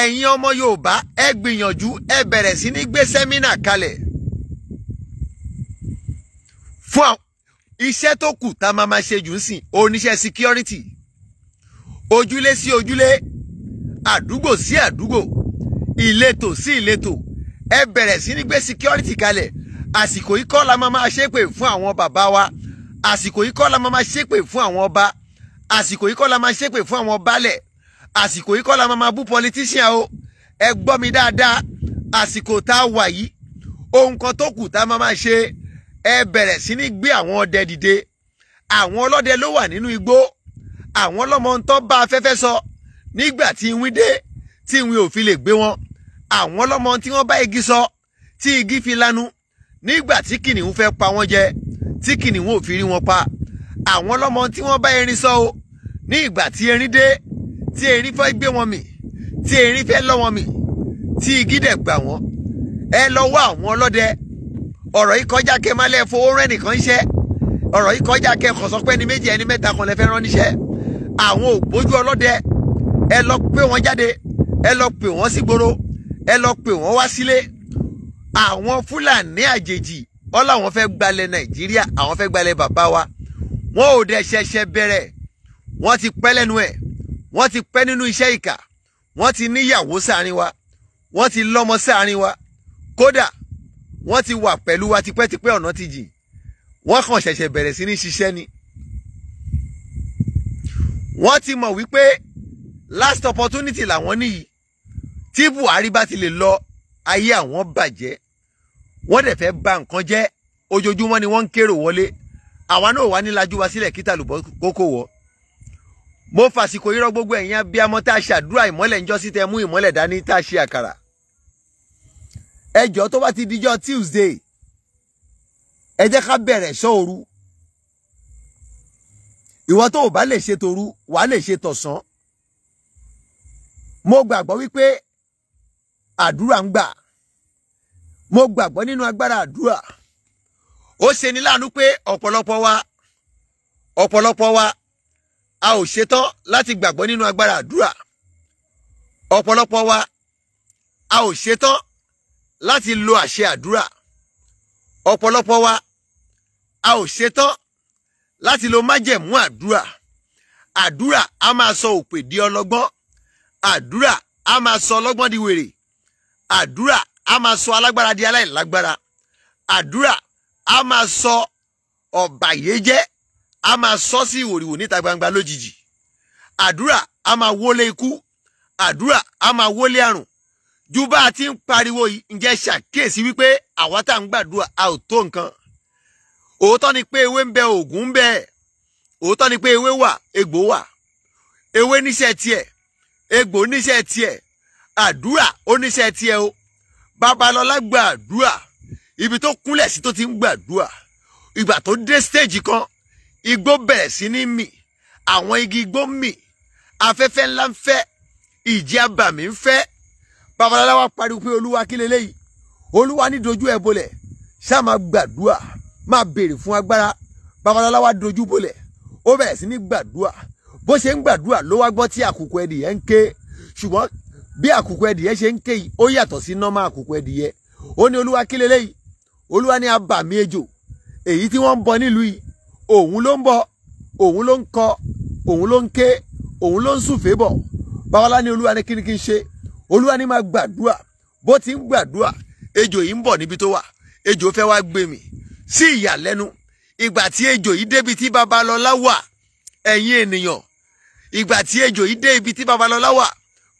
ẹ̀yin ọmọ Yorùbá ẹ gbìyànjú ẹ bẹ̀rẹ̀ sí ní gbé sẹ́mínà kalẹ̀ fún iṣẹ́ tó kù tá a máa máa ṣe jù ń sìn oníṣẹ́ security ojúlé sí ojúlé àdúgbò sí àdúgbò ìletò sí ìletò ẹ bẹ̀rẹ̀ sí ní gbé security kalẹ̀ àsìkò yìí kọ́ la máa máa ṣépè fún àwọn bàbá wa àsìkò yìí kọ́ la máa máa ṣépè fún àwọn ọba àsìkò yìí kọ́ la máa ṣépè fún àwọn baálẹ̀ àsìkò yìí kọ́ la máa máa bú politician o ẹ gbọ́ mi dáadáa àsìkò tá a wà yìí ohun kan tó kù tá a máa máa ṣe ẹ bẹ̀rẹ̀ sí ní gbé àwọn ọdẹ dìde àwọn ọlọ́dẹ ló wà nínú igbó àwọn ọlọ́mọ ń tọ́ bá afẹ́fẹ́ sọ nígbà tí iwin dé tí iwin ò fi lè gbé wọn àwọn ọlọ́mọ tí wọ́n bá igi sọ tí igi fi lanu nígbà tí kìnìún fẹ́ pa wọ́n jẹ tí kìnìún ò fi rí wọn pa àwọn ọlọ́mọ tí wọ́n bá erin sọ o ní ìgbà tí erin dé tí erin fẹ́ gbé wọn mì tí erin fẹ́ lọ́ wọn mì tí igi dẹ̀ gbà wọ́n ẹ lọ wá àwọn ọlọ́dẹ ọ̀rọ̀ yìí kọjá kẹ má lẹ́ fowó rẹ́ nìkan iṣẹ́ ọ̀rọ̀ yìí kọjá kẹ kàn sọ pé ẹni méjì ẹni mẹ́ta kan lẹ fẹ́ rán níṣẹ́ àwọn ògbójú ọlọ́dẹ ẹ lọ pé wọ́n jáde ẹ lọ pè wọ́n sígboro ẹ lọ pè wọ́n wá sílé àwọn fúlàní àjèjì ọlọ́ àwọn fẹ́ gbalẹ̀ nàìjíríà àwọn fẹ́ gbalẹ̀ bàbá wa wọn ò dẹ̀ ṣẹ̀ṣẹ̀ bẹ̀rẹ̀ wọ́n ti pẹ́ lẹ́nu ẹ̀ wọ́n ti pẹ́ nínú iṣẹ́ ìkà wọ́n ti níyàwó sáàrin wa wọ́n ti lọ́mọ sáàrin wa kódà wọ́n ti wà pẹ̀lú wa tipẹ́tipẹ́ ọ̀nà ti jìn wọ́n kàn ṣẹ̀ṣẹ̀ bẹ̀rẹ̀ sí ní ṣiṣẹ́ ni wọ́n ti mọ̀ wípé last opportunity làwọn níyì tí Buhari bá ti lè lọ ayé àwọn bàjẹ́ wọ́n dẹ̀ fẹ́ bà nǹkan jẹ́ ojoojúmọ́ ni wọ́n ń kérò wọlé àwa náà wà ní lajú wa sílẹ̀ kíta lùbọ́ kókó wọ̀ mo fàsìkò irọ́ gbogbo ẹ̀yin abiyamọ tá a ṣàdúrà ìmọ́lẹ̀ ńjọ́sí tẹ mú ìmọ́lẹ̀ dání tá a ṣe àkàrà ẹjọ́ tó bá ti dijọ́ Tuesday ẹ jẹ́ ká bẹ̀rẹ̀ ṣọ́ òru ìwọ tó o bá lè ṣe tòru wà á lè ṣe tọ̀sán mo gbàgbọ́ wípé àdúrà ń gbà mo gbàgbọ́ nínú agbára àdúrà ó ṣe ní láàánú pé ọ̀pọ̀lọpọ̀ wa ọ̀pọ̀lọpọ̀ wa a ò ṣetán láti gbàgbọ́ nínú agbára àdúrà ọ̀pọ̀lọpọ̀ wa a ò ṣetán láti lo àṣẹ àdúrà ọ̀pọ̀lọpọ̀ wa a ò ṣetán láti lo májẹ̀mú àdúrà àdúrà a máa sọ òpè di ọlọ́gbọ́n àdúrà a máa sọ ọlọ́gbọ́n di wèrè àdúrà a máa sọ alágbára di aláìlágbára àdúrà a máa sọ ọ̀bàyéjẹ́ a máa sọ sí ìwòrìwò níta gbangba lójijì àdúrà a máa wólé ikú àdúrà a máa wólé àrùn ju bá a ti ń pariwo yìí ǹjẹ́ ṣàkíyèsí wípé àwa tá à ń gbàdúrà a ò tó nǹkan òótọ́ ni pé ewé ń bẹ òògùn ń bẹ òótọ́ ni pé ewé wà egbò wà ewé níṣẹ́ tiẹ̀ egbò níṣẹ́ tiẹ̀ àdúrà ó níṣẹ́ tiẹ̀ o babalọ́lá gbàdúrà ibi tó kúnlẹ̀ sí tó ti ń gbàdúrà ìgbà tó dé stage kan igbó bẹ̀rẹ̀ sí ní mì àwọn igi igbó mì afẹ́fẹ́ ńlá ń fẹ́ ìjì abàmì ń fẹ́ babalọ́lá wa pariwo pé olúwa kí leléyìí olúwa ní dojú ẹ bolẹ̀ ṣáà máa gbàdúrà máa béèrè fún agbára babalọ́lá wa dojú bolẹ̀ ó bẹ̀rẹ̀ sí ní gbàdúrà bó ṣe ń gbàdúrà ló wá gbọ́ tí àkùkọ ẹdìyẹ ń ké ṣùgbọ́n bí àkùkọ ẹdìyẹ ṣe ń ké yìí ó yàtọ̀ sí nọ́mà àkùkọ ẹdìyẹ ó ní olúwa kí leléyìí olúwa ní abàmì ejò èyí tí wọ́n ń bọ babalá ní olúwa ní kíni kí n ṣe olúwa ní máa gbàdúrà bó ti ń gbàdúrà ejò yìí ń bọ̀ níbi tó wà ejò fẹ́ wá gbé mi sí ìyàlẹ́nu ìgbà tí ejò yìí débi tí babalọ́lá wà ẹ̀yin ènìyàn ìgbà tí ejò yìí dé ibi tí babalọ́lá wà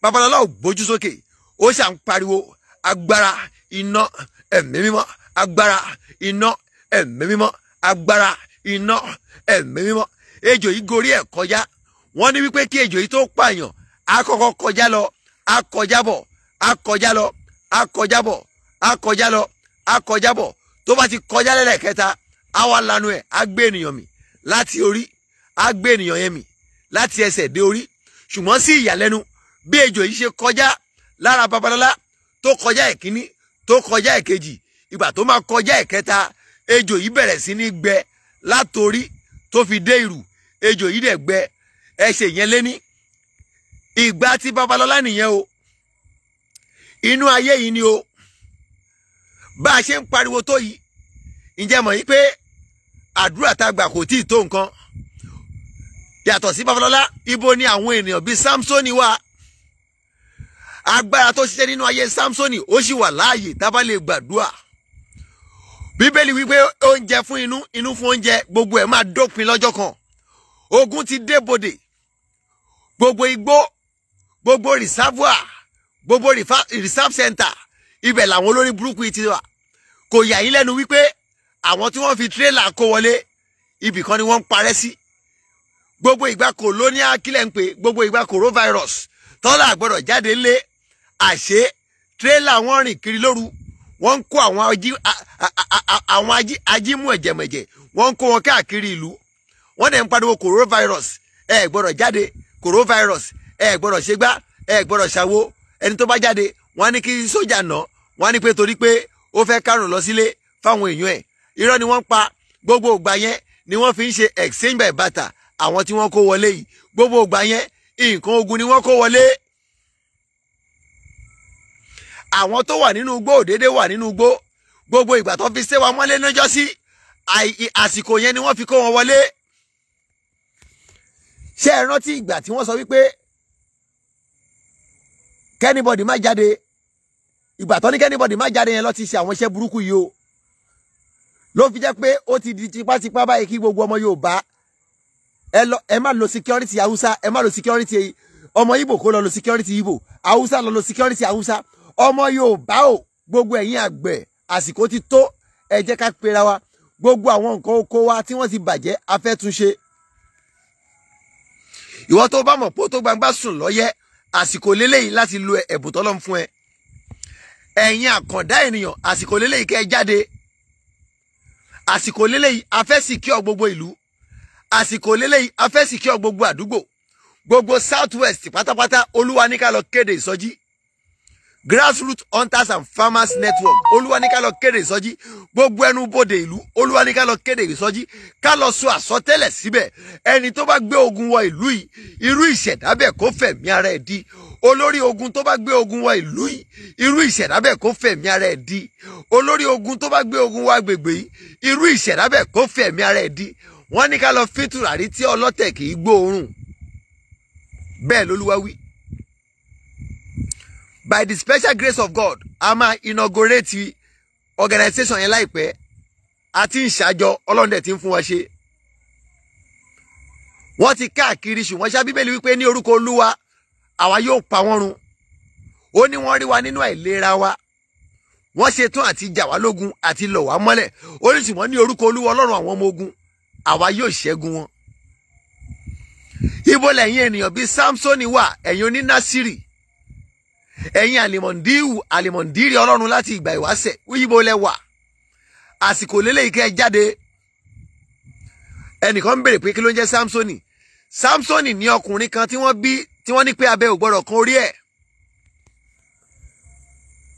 babalọ́lá ò gbójú sókè ó ṣà ń pariwo agbára iná ẹ̀mí mímọ́ agbára iná ẹ̀mí mímọ́ agbára iná ẹ̀mí mímọ́ ejò yìí gorí ẹ̀ kọjá wọ́n ní wípé kí ejò yìí tó pààyàn á kọjá lọ akọjábọ̀ akọjálọ akọjábọ̀ akọjálọ akọjábọ̀ tó bá ti kọjá lẹ́lẹ́kẹta àwa lanu ẹ̀ á gbé ènìyàn mì láti orí á gbé ènìyàn yẹn mì láti ẹsẹ̀ dé orí ṣùgbọ́n sí ìyàlẹ́nu bí ejò yìí ṣe kọjá lára babalọ́lá tó kọjá ẹ̀kíní tó kọjá ẹ̀kejì ìgbà tó máa kọjá ẹ̀kẹta ejò yìí bẹ̀rẹ̀ sí ní gbẹ látòrí tó fi dé ìrù ejò yìí dẹ̀ gbẹ ẹsẹ̀ yẹn lé ní ìgbà tí Babalọ́lá nìyẹn o inú ayé yìí ni o bá a ṣe ń pariwo tó yìí ǹjẹ́ mọ̀ yí pé àdúrà tá a gbà kò tí ì tó nǹkan yàtọ̀ sí Babalọ́lá ibo ni àwọn ènìyàn bíi Samsoni wà agbára tó ṣiṣẹ́ nínú ayé Samsoni ó sì wà láàyè tábà lè gbàdúrà bíbélì wípé oúnjẹ fún inú inú fún oúnjẹ gbogbo ẹ̀ máa dópin lọ́jọ́ kan ogun ti débodè gbogbo igbó gbogbo reservoir gbogbo reserve center ibẹ̀ làwọn olórí burúkú yìí ti wà kò yà yín lẹ́nu wípé àwọn tí wọ́n fi tírélà kó wọlé ibì kan ni wọ́n ń parẹ́ sí gbogbo ìgbà colonial kílẹ̀ ń pè gbogbo ìgbà coronavirus tọ́lá àgbọ̀dọ̀ jáde lé àṣé tírélà wọn rìn kiri lóru wọ́n ń kó àwọn ajímú ẹ̀jẹ̀mẹ̀jẹ̀ wọ́n ń kó wọn káàkiri ìlú wọ́n dẹ̀ ń pariwo coronavirus ẹ̀ gbọ́dọ̀ jáde coronavirus ẹ gbọ́dọ̀ ṣe gbá ẹ gbọ́dọ̀ ṣàwo ẹni tó bá jáde wọ́n á ní kí sójà nà wọ́n á ní pé torí pé ó fẹ́ kárùn lọ sílé fáwọn èèyàn ẹ̀ irọ́ ni wọ́n pa gbogbo ìgbà yẹn ni wọ́n fi ń ṣe exchange by barter àwọn tí wọ́n kó wọlé yìí gbogbo ìgbà yẹn nǹkan ogun ni wọ́n kó wọlé àwọn tó wà nínú igbó òdédé wà nínú igbó gbogbo ìgbà tó fi ṣé wa mọ́lé lọ́jọ́ sí àsìkò yẹn ni wọ́n fi kó wọn wọlé ṣé ẹ rántí ìgbà tí wọ́n sọ wípé kẹ́nìbọ̀dì má jáde ìgbà tó ní kẹ́nìbọ̀dì má jáde yẹn ló ti ṣe àwọn iṣẹ́ burúkú yìí o ló fi jẹ́ pé ó ti di tipátipá báyìí kí gbogbo ọmọ Yorùbá ẹ lọ ẹ má lo security Haúsá ẹ má lo security ọmọ Ìgbò kó lọ lo security Ìgbò Haúsá lọ lo security Haúsá ọmọ Yorùbá o gbogbo ẹ̀yin àgbẹ̀ àsìkò ti tó ẹ jẹ́ ká pera wa gbogbo àwọn nǹkan oko wa tí wọ́n ti bàjẹ́ afẹ́túnṣe ìwọ tó bá mọ̀ pé ó tó gbangba sùn lọ́yẹ́ àsìkò lélẹ́yìí láti lo ẹ̀bùn tọ́lọ́run fún ẹ ẹ̀yin àkàndá ènìyàn àsìkò lélẹ́yìí kẹ́ ẹ jáde àsìkò lélẹ́yìí afẹ́sìkí ọ gbogbo ìlú àsìkò lélẹ́yìí afẹ́sìkí ọ gbogbo àdúgbò gbogbo south west pátápátá olúwa ní ká lọ kéde ìsọjí grassroot hunters and farmers network olúwa ní ká lọ kéde ìsọjí gbogbo ẹnu bodè ìlú olúwa ní ká lọ kéde ìsọjí ká lọ sọ àsọtẹ́lẹ̀ síbẹ̀ ẹni tó bá gbé ogun wọ ìlú yìí irú ìṣẹ̀dá bẹ́ẹ̀ kó fẹ̀mí ara ẹ̀ di olórí ogun tó bá gbé ogun wọ ìlú yìí irú ìṣẹ̀dá bẹ́ẹ̀ kó fẹ̀mí ara ẹ̀ di olórí ogun tó bá gbé ogun wọ agbègbè yìí irú ìṣẹ̀dá bẹ́ẹ̀ kó fẹ̀mí ara ẹ̀ di wọ́n ní ká lọ fìtúrà rí tí ọlọ́tẹ̀ kì í gbóòórùn bẹ́ẹ̀ lolúwa wí by the special grace of God a máa inaugurate organisation yẹn láìpẹ́ àti ìṣàjọ ọlọ́dẹ tí ń fún wọn ṣe wọ́n ti káàkiri ṣùgbọ́n ṣá bíbélì wípé ní orúkọ olúwa àwa yóò pa wọ́n run ó ní wọ́n rí wa nínú àìlera wa wọ́n ṣe tán àti jà wá lógun àti lọ̀ wá mọ́lẹ̀ ó ní orúkọ olúwa ọlọ́run àwọn ọmọ ogun àwa yóò ṣẹ́gun wọn. ibo lẹ́yìn ènìyàn bíi samson wà ẹ̀yin oní násìrì ẹ̀yin àlèmọ̀ndíwù àlèmọ̀ndírí ọlọ́run láti ìgbà ìwáṣẹ̀ wíyíbo lẹ́wà àsìkò lélẹ́yìí kẹ́ ẹ jáde ẹnìkan ń béèrè pé kí ló ń jẹ́ samsoni samsoni ní ọkùnrin kan tí wọ́n bí tí wọ́n ní pé abẹ ò gbọ́dọ̀ kan orí ẹ̀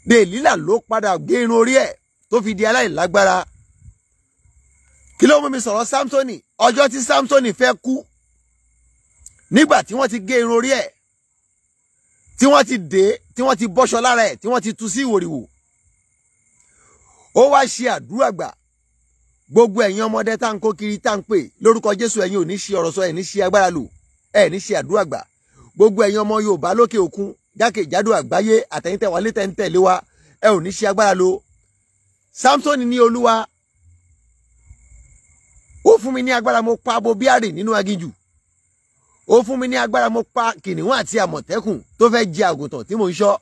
Dèlílà ló padà gé irun orí ẹ̀ tó fi di aláìlágbára kí ló mú mi sọ̀rọ̀ samsoni ọjọ́ tí samsoni fẹ́ kú nígbà tí wọ́n ti gé irun orí ẹ̀ tí wọ́n ti dé tí wọ́n ti bọ́ṣọ lára ẹ̀ tí wọ́n ti tú sí ìwòrìwò ó wá ṣe àdúrà gbà gbogbo ẹ̀yin ọmọdé tá ń kó kiri tá ń pè lórúkọ Jésù ẹ̀yin ò ní ṣe ọ̀rọ̀ sọ ẹ̀ ní ṣe agbára lò ẹ̀ ní ṣe àdúrà gbà gbogbo ẹ̀yin ọmọ Yorùbá lókè òkun jákèjádò àgbáyé àtẹ̀yìntẹ̀ wà létẹ̀ ń tẹ̀lé wa ẹ ò ní ṣe agbára lò Samson ní Olúwa ó fún mi ní agbára mo pa abo bíárì nínú aginjù ó fún mi ní agbára mo pa kìnìún àti àmọ̀tẹ́kùn tó fẹ́ jẹ àgùntàn tí mò ń ṣọ́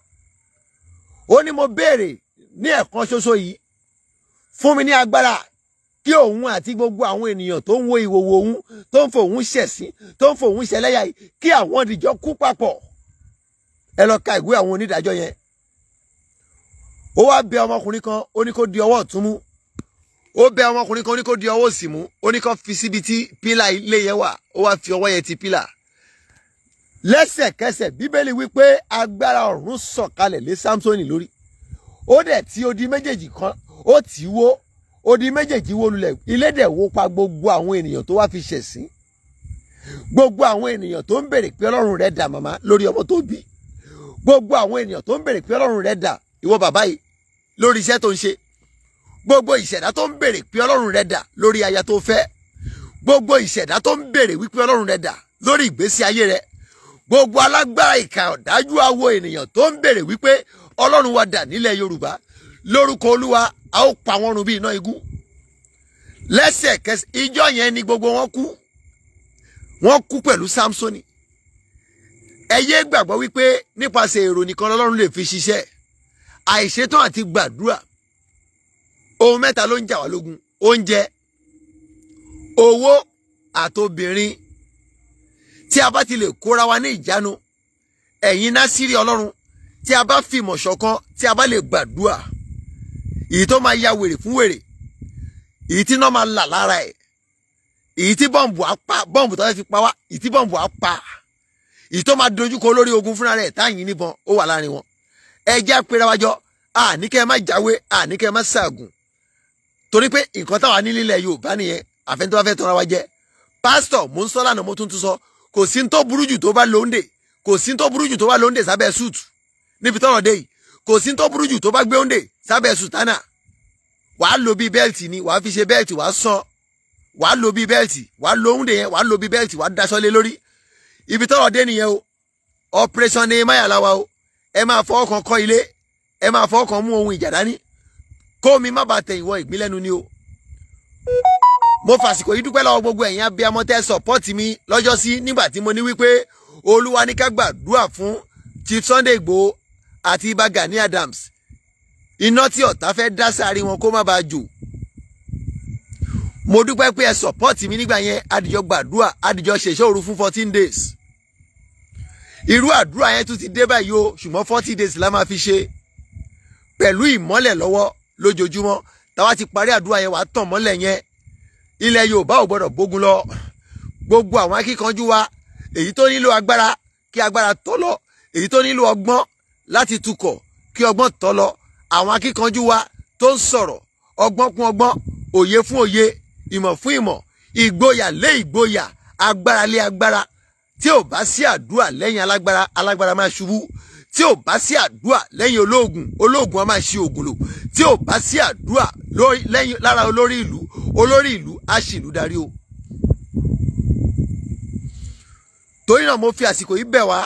ó ní mo béèrè ní ẹ̀kan ṣoṣo yìí fún mi ní agbára kí òun àti gbogbo àwọn ènìyàn tó ń wo ìwòwò òun tó ń fòun ṣẹ̀sín tó ń fòun ṣẹlẹ́yà yìí kí àwọn ìdìjọ́ kú papọ̀ ẹ lọ ka ìwé àwọn onídàájọ́ yẹn ó wá bẹ ọmọkùnrin kan ó ní kó di ọwọ́ ọ̀tún mú ó bẹ ọmọkùnrin kan ó ní kó di ọwọ́ òsì mú ó ní kó fi síbi tí pílà ilé yẹn wà ó wá fi ọwọ́ yẹn ti pílà lẹ́sẹ̀kẹsẹ̀ bíbélì wípé agbára ọ̀run sọ̀kalẹ̀ lé samsoni lórí ó dẹ̀ tí odi méjèèjì kan ó tì í wó odi méjèèjì wó lulẹ̀ ilé dẹ̀ wó pa gbogbo àwọn ènìyàn tó wá fi ṣẹ̀sín gbogbo àwọn ènìyàn tó ń béèrè pé ọlọ́run rẹ̀ dà màmá lórí ọmọ tó bí gbogbo àwọn ènìyàn tó ń béèrè pé ọlọ́run rẹ̀ dà ìwọ bàbá yìí lórí iṣẹ́ tó ń ṣe gbogbo ìṣẹ̀dá tó ń béèrè pé ọlọ́run rẹ̀ dà lórí aya tó fẹ́ gbogbo ìṣẹ̀dá tó ń béèrè wípé ọlọ́run rẹ̀ dà lórí ìgbésí ayé rẹ̀ gbogbo alágbára ìka ọ̀dájú awo ènìyàn tó ń béèrè wípé ọlọ́run wa dà nílẹ̀ yorùbá lórúkọ olúwa a ó pa wọ́n run bí iná igú lẹ́sẹ̀kẹsẹ̀ ìjọ yẹn ni gbogbo wọn kú wọ́n kú pẹ̀lú samsoni ẹ yé gbàgbọ́ wípé nípasẹ̀ èrò nìkan lọ́lọ́run lè fi ṣiṣẹ́ àìṣetán àti gbàdúrà ohun mẹ́ta ló ń jà wá lógun oúnjẹ owó àtobìnrin tí a bá ti lè kóra wa ní ìjánu ẹ̀yin násìrì ọlọ́run tí a bá fìmọ̀ ṣọ̀kan tí a bá lè gbàdúrà èyí tó máa ya wèrè fún wèrè èyí tí náà máa là lára ẹ̀ èyí tí bọ́ǹbù á pa bọ́ǹbù tó fẹ́ fi pa wá èyí tí bọ́ǹbù á pa èyí tó máa dojúkọ olórí ogun fúnra rẹ̀ táyìn níbọn ó wà láàrin wọn ẹ jẹ́ àpẹẹrẹ wájọ́ àní kẹ́ ẹ má jáwé àní kẹ́ ẹ má ṣàgùn torí pé nǹkan táwa nílẹ̀ Yorùbá nìyẹn àfẹ́ntọ́ bá fẹ́ tọ́ra wa jẹ́ pásítọ̀ mò ń sọ lánàá mo tún tún sọ kò sí tó burú jù tó bá lóńdè kò sí tó burú jù tó bá lóńdè sábẹ́ suit níbi tọ́rọ̀ dé yìí kò sí tó burú jù tó bá gbé òǹdè sábẹ́ sùtánà wàá lo bí bẹ́ẹ̀tì ni wàá fi ṣe bẹ́ẹ̀tì wàá sọ wàá lo bí bẹ́ẹ̀tì wàá lo òǹdè yẹn wàá lo bí bẹ́ẹ̀tì wàá daṣọ lé lórí ibi tọ́rọ̀ dé nìyẹn o operation Nehemiah la wa o ẹ máa fọwọ́ kan kọ́ ilé ẹ máa fọwọ́ kan mú ohun ìjà dání kó mi má bàa tẹ ìwọ ìgbín lẹ́nu ni o mo fàsìkò yìí dúpẹ́ lọ́wọ́ gbogbo ẹ̀yin abiyamọ tẹ́ sọ̀pọ́ọ̀tì mi lọ́jọ́sí nígbà tí mo ní wípé olúwa ní ká gbàdúrà fún Chief Sunday Igboho àti Ìbà Gani Adams iná tí ọ̀tá fẹ́ dá sáré wọn kó má bàa jò mo dúpẹ́ pé ẹ sọ̀pọ́ọ̀tì mi nígbà yẹn adìjọ gbàdúrà adìjọ ṣèṣọ́ òru fún fourteen days irú àdúrà yẹn tún ti dé báyìí o ṣùgbọ́n forty days la máa fi ṣe pẹ̀lú ìmọ́lẹ̀ lọ́wọ́ lójoojúmọ́ táwa ti parí àdúrà yẹn wàá tàn mọ́lẹ̀ yẹn ilẹ̀ yorùbá ò gbọ́dọ̀ bógun lọ gbogbo àwọn akíkanjú wa èyí tó nílò agbára kí agbára tó lọ èyí tó nílò ọgbọ́n láti tukọ̀ kí ọgbọ́n tó lọ àwọn akíkanjú wa tó ń sọ̀rọ̀ ọgbọ́n kún ọgbọ́n òye fún òye ìmọ̀ fún ìmọ̀ ìgboyà lé ìgboyà agbára lé agbára tí ò bá sí àdúrà lẹ́yìn alágbára alágbára máa ṣubú tí ò bá sí àdúrà lẹ́yìn olóògùn olóògùn á máa ṣe ògùn lò tí ò bá sí àdúrà lẹ́yìn lára olórí ìlú olórí ìlú á sì ìlú darí o. torí náà mo fi àsìkò yìí bẹ̀ wá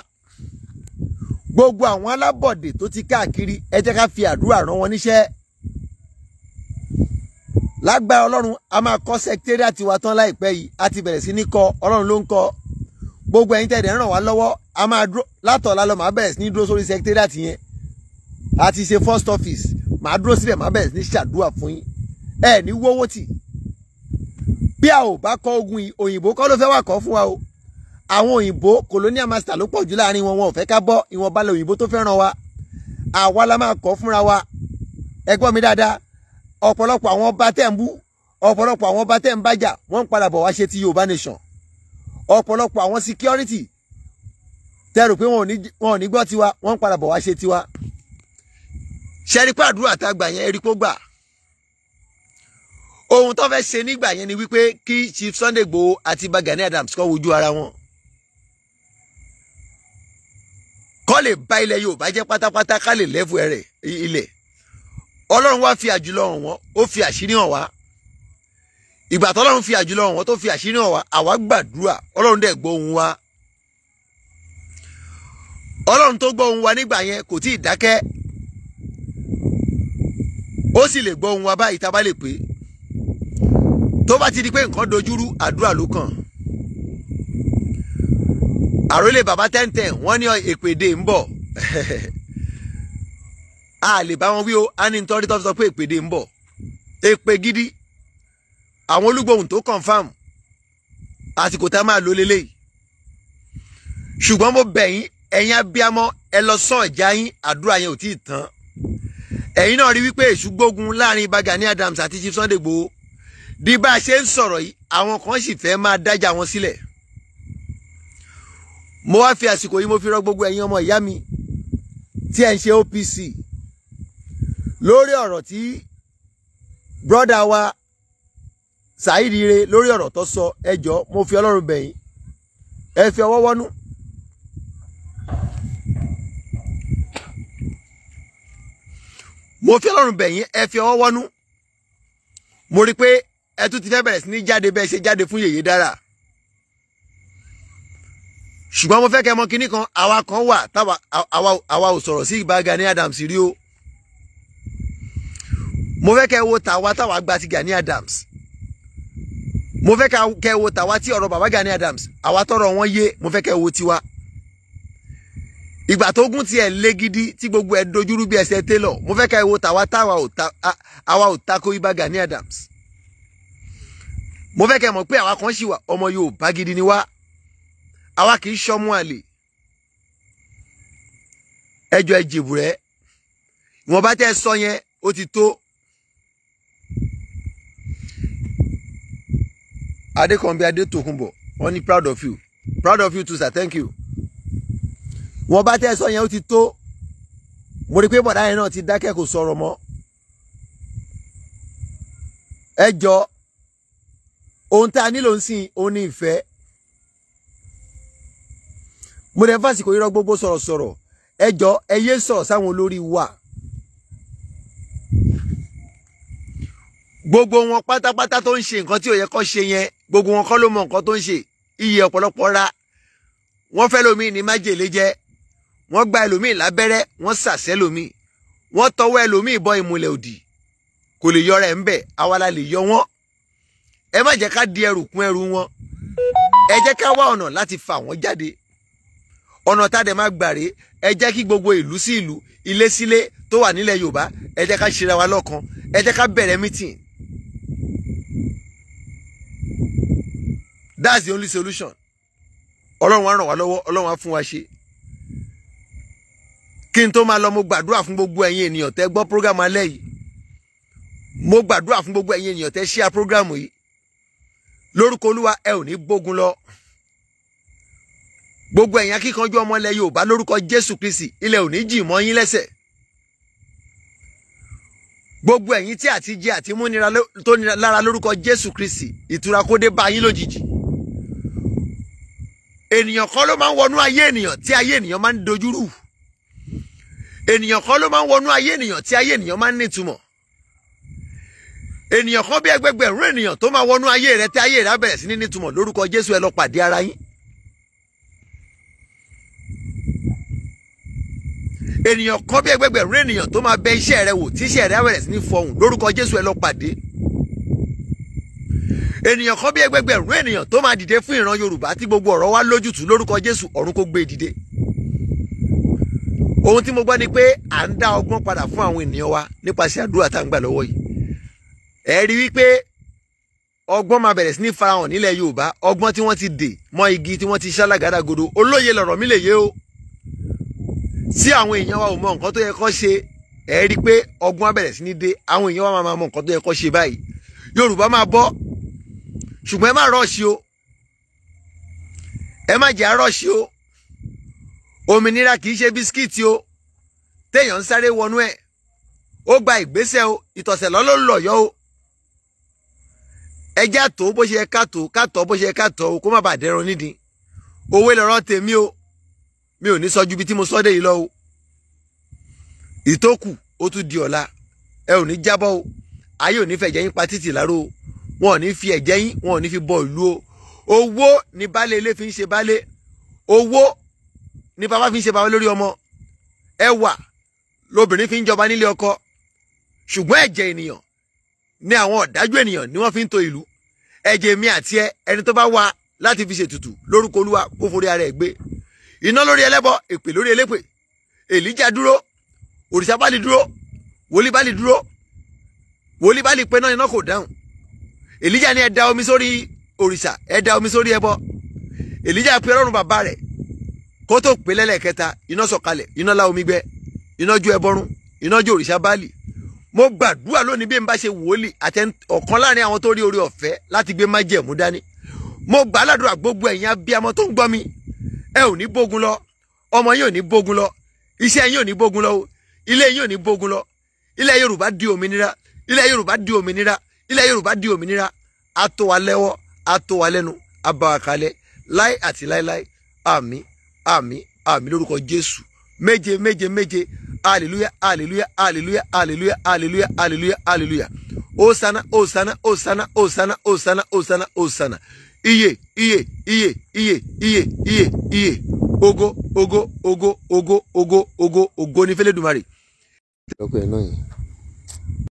gbogbo àwọn alábọ̀dé tó ti káàkiri ẹ jẹ́ ká fi àdúrà rán wọn níṣẹ́ lágbára ọlọ́run a máa kọ́ sẹ́kítẹ́rìà tiwa tán láìpẹ́ yìí a ti bẹ̀rẹ̀ sí ní kọ ọlọ́run ló ń kọ gbogbo ẹ̀yin tẹ̀dẹ̀ ń ràn wá lọ́wọ́ a máa dúró látọ̀ọ́lá lọ màá bẹ̀rẹ̀ sí ní dúró sórí sẹ́kítẹ́rìà tiyẹn a ti ṣe first office màá dúró sílẹ̀ màá bẹ̀rẹ̀ ní ṣàdúrà fún yín ẹ ní wọ́wọ́ tì bí a ò bá kọ ogun yìí òyìnbó kọ́ ló fẹ́ wà kọ́ fún wa o àwọn òyìnbó colonial master ló pọ̀ jù láàrin wọn wọn ò fẹ́ ká bọ́ ìwọ̀nba lè òyìnbó tó fẹ́ràn wa àwa la máa kọ́ fúnra wa ẹ gbọ́ mi dáadáa ọ̀pọ̀lọpọ̀ àwọn ọba tẹ̀ ń bú ọ̀pọ̀lọpọ̀ àwọn ọba tẹ̀ ń bájà wọ́n ń padà bọ̀ wá ṣe ti Yorùbá nation ọ̀pọ̀lọpọ̀ àwọn security tẹ̀rù pé wọn ò ní gbọ́ tiwa wọ́n ń padà bọ̀ wá ṣe tiwa ṣẹ́rí pé àdúrà tá a gbà yẹn erí kó gbà ohun tó fẹ́ ṣe nígbà yẹn ni wípé kí Chief Sunday Igboho àti Gani Adams kọ́ wojú ara wọn kọ́ lè bá ilẹ̀ Yorùbá jẹ́ pátápátá ká lè lẹ́fù ẹ̀rẹ̀ ilẹ̀ Ọlọ́run wá fi àjùlọ hàn wọ́n ó fi àṣírí hàn wá ìgbà tọ́lọ́run fi àjùlọ hàn wọ́n tó fi àṣírí hàn wá àwa gbàdúrà Ọlọ́run dẹ̀ gbọ́ ohùn wa Ọlọ́run tó gbọ́ ohùn wa nígbà yẹn kò tí ì dákẹ́ ó sì lè gbọ́ ohun wa báyìí tá a bá lè pé tó bá ti di pé nǹkan dojúrú àdúrà ló kàn àròlé bàbá tẹ́ǹtẹ̀ wọ́n ní èpèdè ń bọ̀ *laughs* a lè bá wọn wí o a ní nítorí tó fi pé èpèdè ń bọ̀ èpè gidi àwọn olúgbòhùn tó confam àsìkò tá a máa lo lélẹ́yìí ṣùgbọ́n mo bẹ̀ yín abiyamọ ẹ lọ sàn ìjà yín àdúrà yẹn ò tí ì tán ẹ̀yin náà rí wípé èṣù gbógun láàrin Ìbà Gani Adams àti Chief Sunday Igboho di bá a ṣe ń sọ̀rọ̀ yìí àwọn kan sì fẹ́ máa dájà wọn sílẹ̀ mo wá fi àsìkò yìí mo fi rọ̀ gbogbo ẹ̀yin ọmọ ìyá mi tí ẹ̀ ń ṣe OPC lórí ọ̀rọ̀ tí brọ́dà wa Saheed Ire lórí ọ̀rọ̀ tó sọ ẹjọ́ mo fi Ọlọ́run bẹ̀yìn ẹ fi ọwọ́ wọ́nú mo fi ọlọ́run bẹ̀ yín ẹ fi ọwọ́ wọ́nú mo rí i pé ẹ tún ti fẹ́ bẹ̀rẹ̀ sí ní jáde bẹ́ẹ̀ ṣe jáde fún yèyé dára ṣùgbọ́n mo fẹ́ kẹ́ mọ kinní kan àwa kan wà táwa àwa ò sọ̀rọ̀ sí ìbá Gani Adams rí o mo fẹ́ kẹ́ wo tàwa táwa gba ti Gani Adams mo fẹ́ kẹ́ wo tàwa tí ọ̀rọ̀ bàbá Gani Adams àwa tọ̀rọ̀ wọn yé mo fẹ́ kẹ́ wo tiwa ìgbà tó gún tiẹ̀ lé gidi tí gbogbo ẹ̀ dojúrú bí ẹsẹ̀ taylor mo fẹ́ ka ẹ wo tàwa táwa ò ta àwa ò tako Ìbà Gani Adams mo fẹ́ ka ẹ mọ̀ pé àwa kan ṣì wà ọmọ Yorùbá gidi ni wá àwa kì í ṣọmú àlè ẹjọ́ ẹ jìbù rẹ ìwọ̀nba tẹ́ ẹ sọ yẹn ó ti tó. Adékànbí Adétòkunbọ̀ wọ́n ní proud of you proud of you too sir thank you wọ́n bá tẹ́ sọ yẹn ó ti tó mo rí pé bọ̀dá yẹn náà ti dákẹ́ kò sọ̀rọ̀ mọ́ ẹ jọ ohun tá a nílò ń sìn òun ní ìfẹ́ mo dẹ̀ fásitì irọ́ gbogbo sọ̀rọ̀sọ̀rọ̀ ẹ jọ ẹ yé sọ̀rọ̀ sáwọn olórí wa gbogbo wọn pátápátá tó ń ṣe nǹkan tí ò yẹ kó ṣe yẹn gbogbo wọn kọ́ ló mọ nǹkan tó ń ṣe iyì ọ̀pọ̀lọpọ̀ ra wọ́n fẹ́ lómi ní májèlé jẹ́ wọ́n gba ẹlòmíì lábẹ́rẹ́ wọ́n sàṣẹ́ lòmíì wọ́n tọwọ́ ẹlòmíì bọ ìmùlẹ̀ òdì kò lè yọra ẹ̀ ń bẹ̀ àwa lè yọ wọ́n ẹ má jẹ́ ká di ẹrù kún ẹrù wọn ẹ jẹ́ ká wá ọ̀nà láti fà wọ́n jáde ọ̀nà tá a dẹ̀ máa gbàre ẹ jẹ́ kí gbogbo ìlú sí ìlú ilé sílé tó wà nílẹ̀ Yorùbá ẹ jẹ́ ká ṣera wa lọ́kan ẹ jẹ́ ká bẹ̀rẹ̀ meeting that's the only solution ọlọ́run wa ràn wá lọ́wọ́ ọlọ́run wa fún wa ṣe kí n tó máa lọ mo gbàdúrà fún gbogbo ẹ̀yin ènìyàn tẹ́ gbọ́ program alẹ́ yìí mo gbàdúrà fún gbogbo ẹ̀yin ènìyàn tẹ́ ṣíà program yìí lórúkọ olúwa ẹ ò ní gbógun lọ gbogbo ẹ̀yin akíkanjú ọmọ ilẹ̀ yorùbá lórúkọ jésù kristi ilẹ̀ ò ní jì mọ́ yín lẹ́sẹ̀ gbogbo ẹ̀yin tí àti jẹ àti mú nira tó nira lára lórúkọ jésù kristi ìtura kó dé bá yín lójijì ènìyàn kan ló máa ń wọnú ayé ènìyàn tí ayé ènìyàn máa ń dojúrú ènìyàn kan ló máa ń wọnú ayé ènìyàn tí ayé ènìyàn máa ń nítumọ̀ ènìyàn kan bí ẹgbẹgbẹ̀rún ènìyàn tó máa wọnú ayé rẹ tí ayé rẹ á bẹ̀rẹ̀ sí ní nítumọ̀ lórúkọ Jésù ẹ lọ pàdé ara yín. ènìyàn kan bí ẹgbẹgbẹ̀rún ènìyàn tó máa bẹ iṣẹ́ rẹ wò tí iṣẹ́ rẹ á bẹ̀rẹ̀ sí ní fọhùn lórúkọ Jésù ẹ lọ ènìyàn kan bí ẹgbẹgbẹ̀rún ènìyàn tó máa dìde fún ìran Yorùbá tí gbogbo ọ̀rọ̀ wa lójútùú lórúkọ Jésù ọ̀run kó gbé e dìde ohun tí mo gbọ́ ni pé à ń dá ọgbọ́n padà fún àwọn ènìyàn wa nípasẹ̀ àdúrà tá à ń gbà lọ́wọ́ yìí ẹ rí wípé ọgbọ́n máa bẹ̀rẹ̀ sí ní farahàn nílẹ̀ Yorùbá ọgbọ́n tí wọ́n ti dè mọ́ igi tí wọ́n ti ṣálàgàdàgodo olóye lọ̀rọ̀ mi lè yé o sí àwọn èèyàn wa ò mọ nǹkan tó yẹ kó ṣe ẹ rí pé ọgbọ́n á bẹ̀rẹ̀ sí ní dé àwọn èèyàn wa máa mọ nǹkan tó yẹ kó ṣe báyìí Yorùbá máa bọ́ ṣùgbọ́n ẹ má rọ́ọ̀ṣì o ẹ má jẹ́ àrọ́ọ̀ṣì o òmìnira kì í ṣe o téèyàn ń sáré wọnú ẹ̀ ó gba ìgbésẹ̀ o ìtọ̀sẹ̀ lọ́lọ́ lọ̀yọ́ o ẹjá tó bó ṣe yẹ ká tó ká tọ́ bó ṣe yẹ o kó má bàa dẹrun nídìí òwe lọ́rọ̀ tèmi o mi ò ní sọ ju bí tí mo sọ dé yìí lọ o ìtókù ó tún di ọ̀la ẹ ò ní jábọ́ o ayé ò ní fẹ́ ẹ̀jẹ̀ yín pa títì láró o wọn ò ní fi ẹ̀jẹ̀ yín wọn ò ní fi bọ ìlú o Owo ni bale ilé fi ń ṣe baálé Ni bàbá fi ń ṣe bàbá lórí ọmọ ẹwà lobìnrin fi ń jọba nílé ọkọ ṣùgbọ́n ẹ̀jẹ̀ ènìyàn ni àwọn ọ̀dájú ènìyàn ni wọ́n fi ń to ìlú ẹ̀jẹ̀ mi àti ẹ ẹni tó bá wá láti fi ṣètùtù lórúkọ olúwa kó forí ara ẹ̀ gbé iná lórí ẹlẹ́bọ èpè lórí elépè èlíjà dúró òrìṣà bá lè dúró wòlíì bá lè dúró wòlíì bá lè pe náà iná kò dáhùn èlíjà ní ẹ da omi sórí òrìṣà ẹ da omi sórí ẹbọ èlíjà pe ọlọ́run bàbá rẹ̀ kó tó pé lẹ́lẹ́kẹta iná sọ̀kalẹ̀ iná la omi gbẹ iná jó ẹbọrún iná jó òrìṣà báàlì mo gbàdúrà lónìí bí n bá ṣe wòlíì àtẹ ọ̀kan láàrin àwọn tó rí orí ọ̀fẹ́ láti gbé májẹ̀mú dání mo gbà ládùúrà gbogbo ẹ̀yin abiyamọ tó ń gbọ́ mi ẹ ò ní bógun lọ ọmọ yín ò ní bógun lọ iṣẹ́ yín ò ní bógun lọ ilé yín ò ní bógun lọ ilẹ̀ Yorùbá di òmìnira ilẹ̀ Yorùbá di òmìnira ilẹ̀ Yorùbá di òmìnira a wa lẹ́wọ́ a wa lẹ́nu a láì àti láíláí àmín àmín àmín lórúkọ jésù méje méje méje hallelujah hallelujah hallelujah hallelujah hallelujah hallelujah hallelujah osana osana osana osana osana osana osana iye iye iye iye iye iye iye ogo ogo ogo ogo ogo ogo ogo ní fẹlẹ ọkọ ẹ náà yẹn.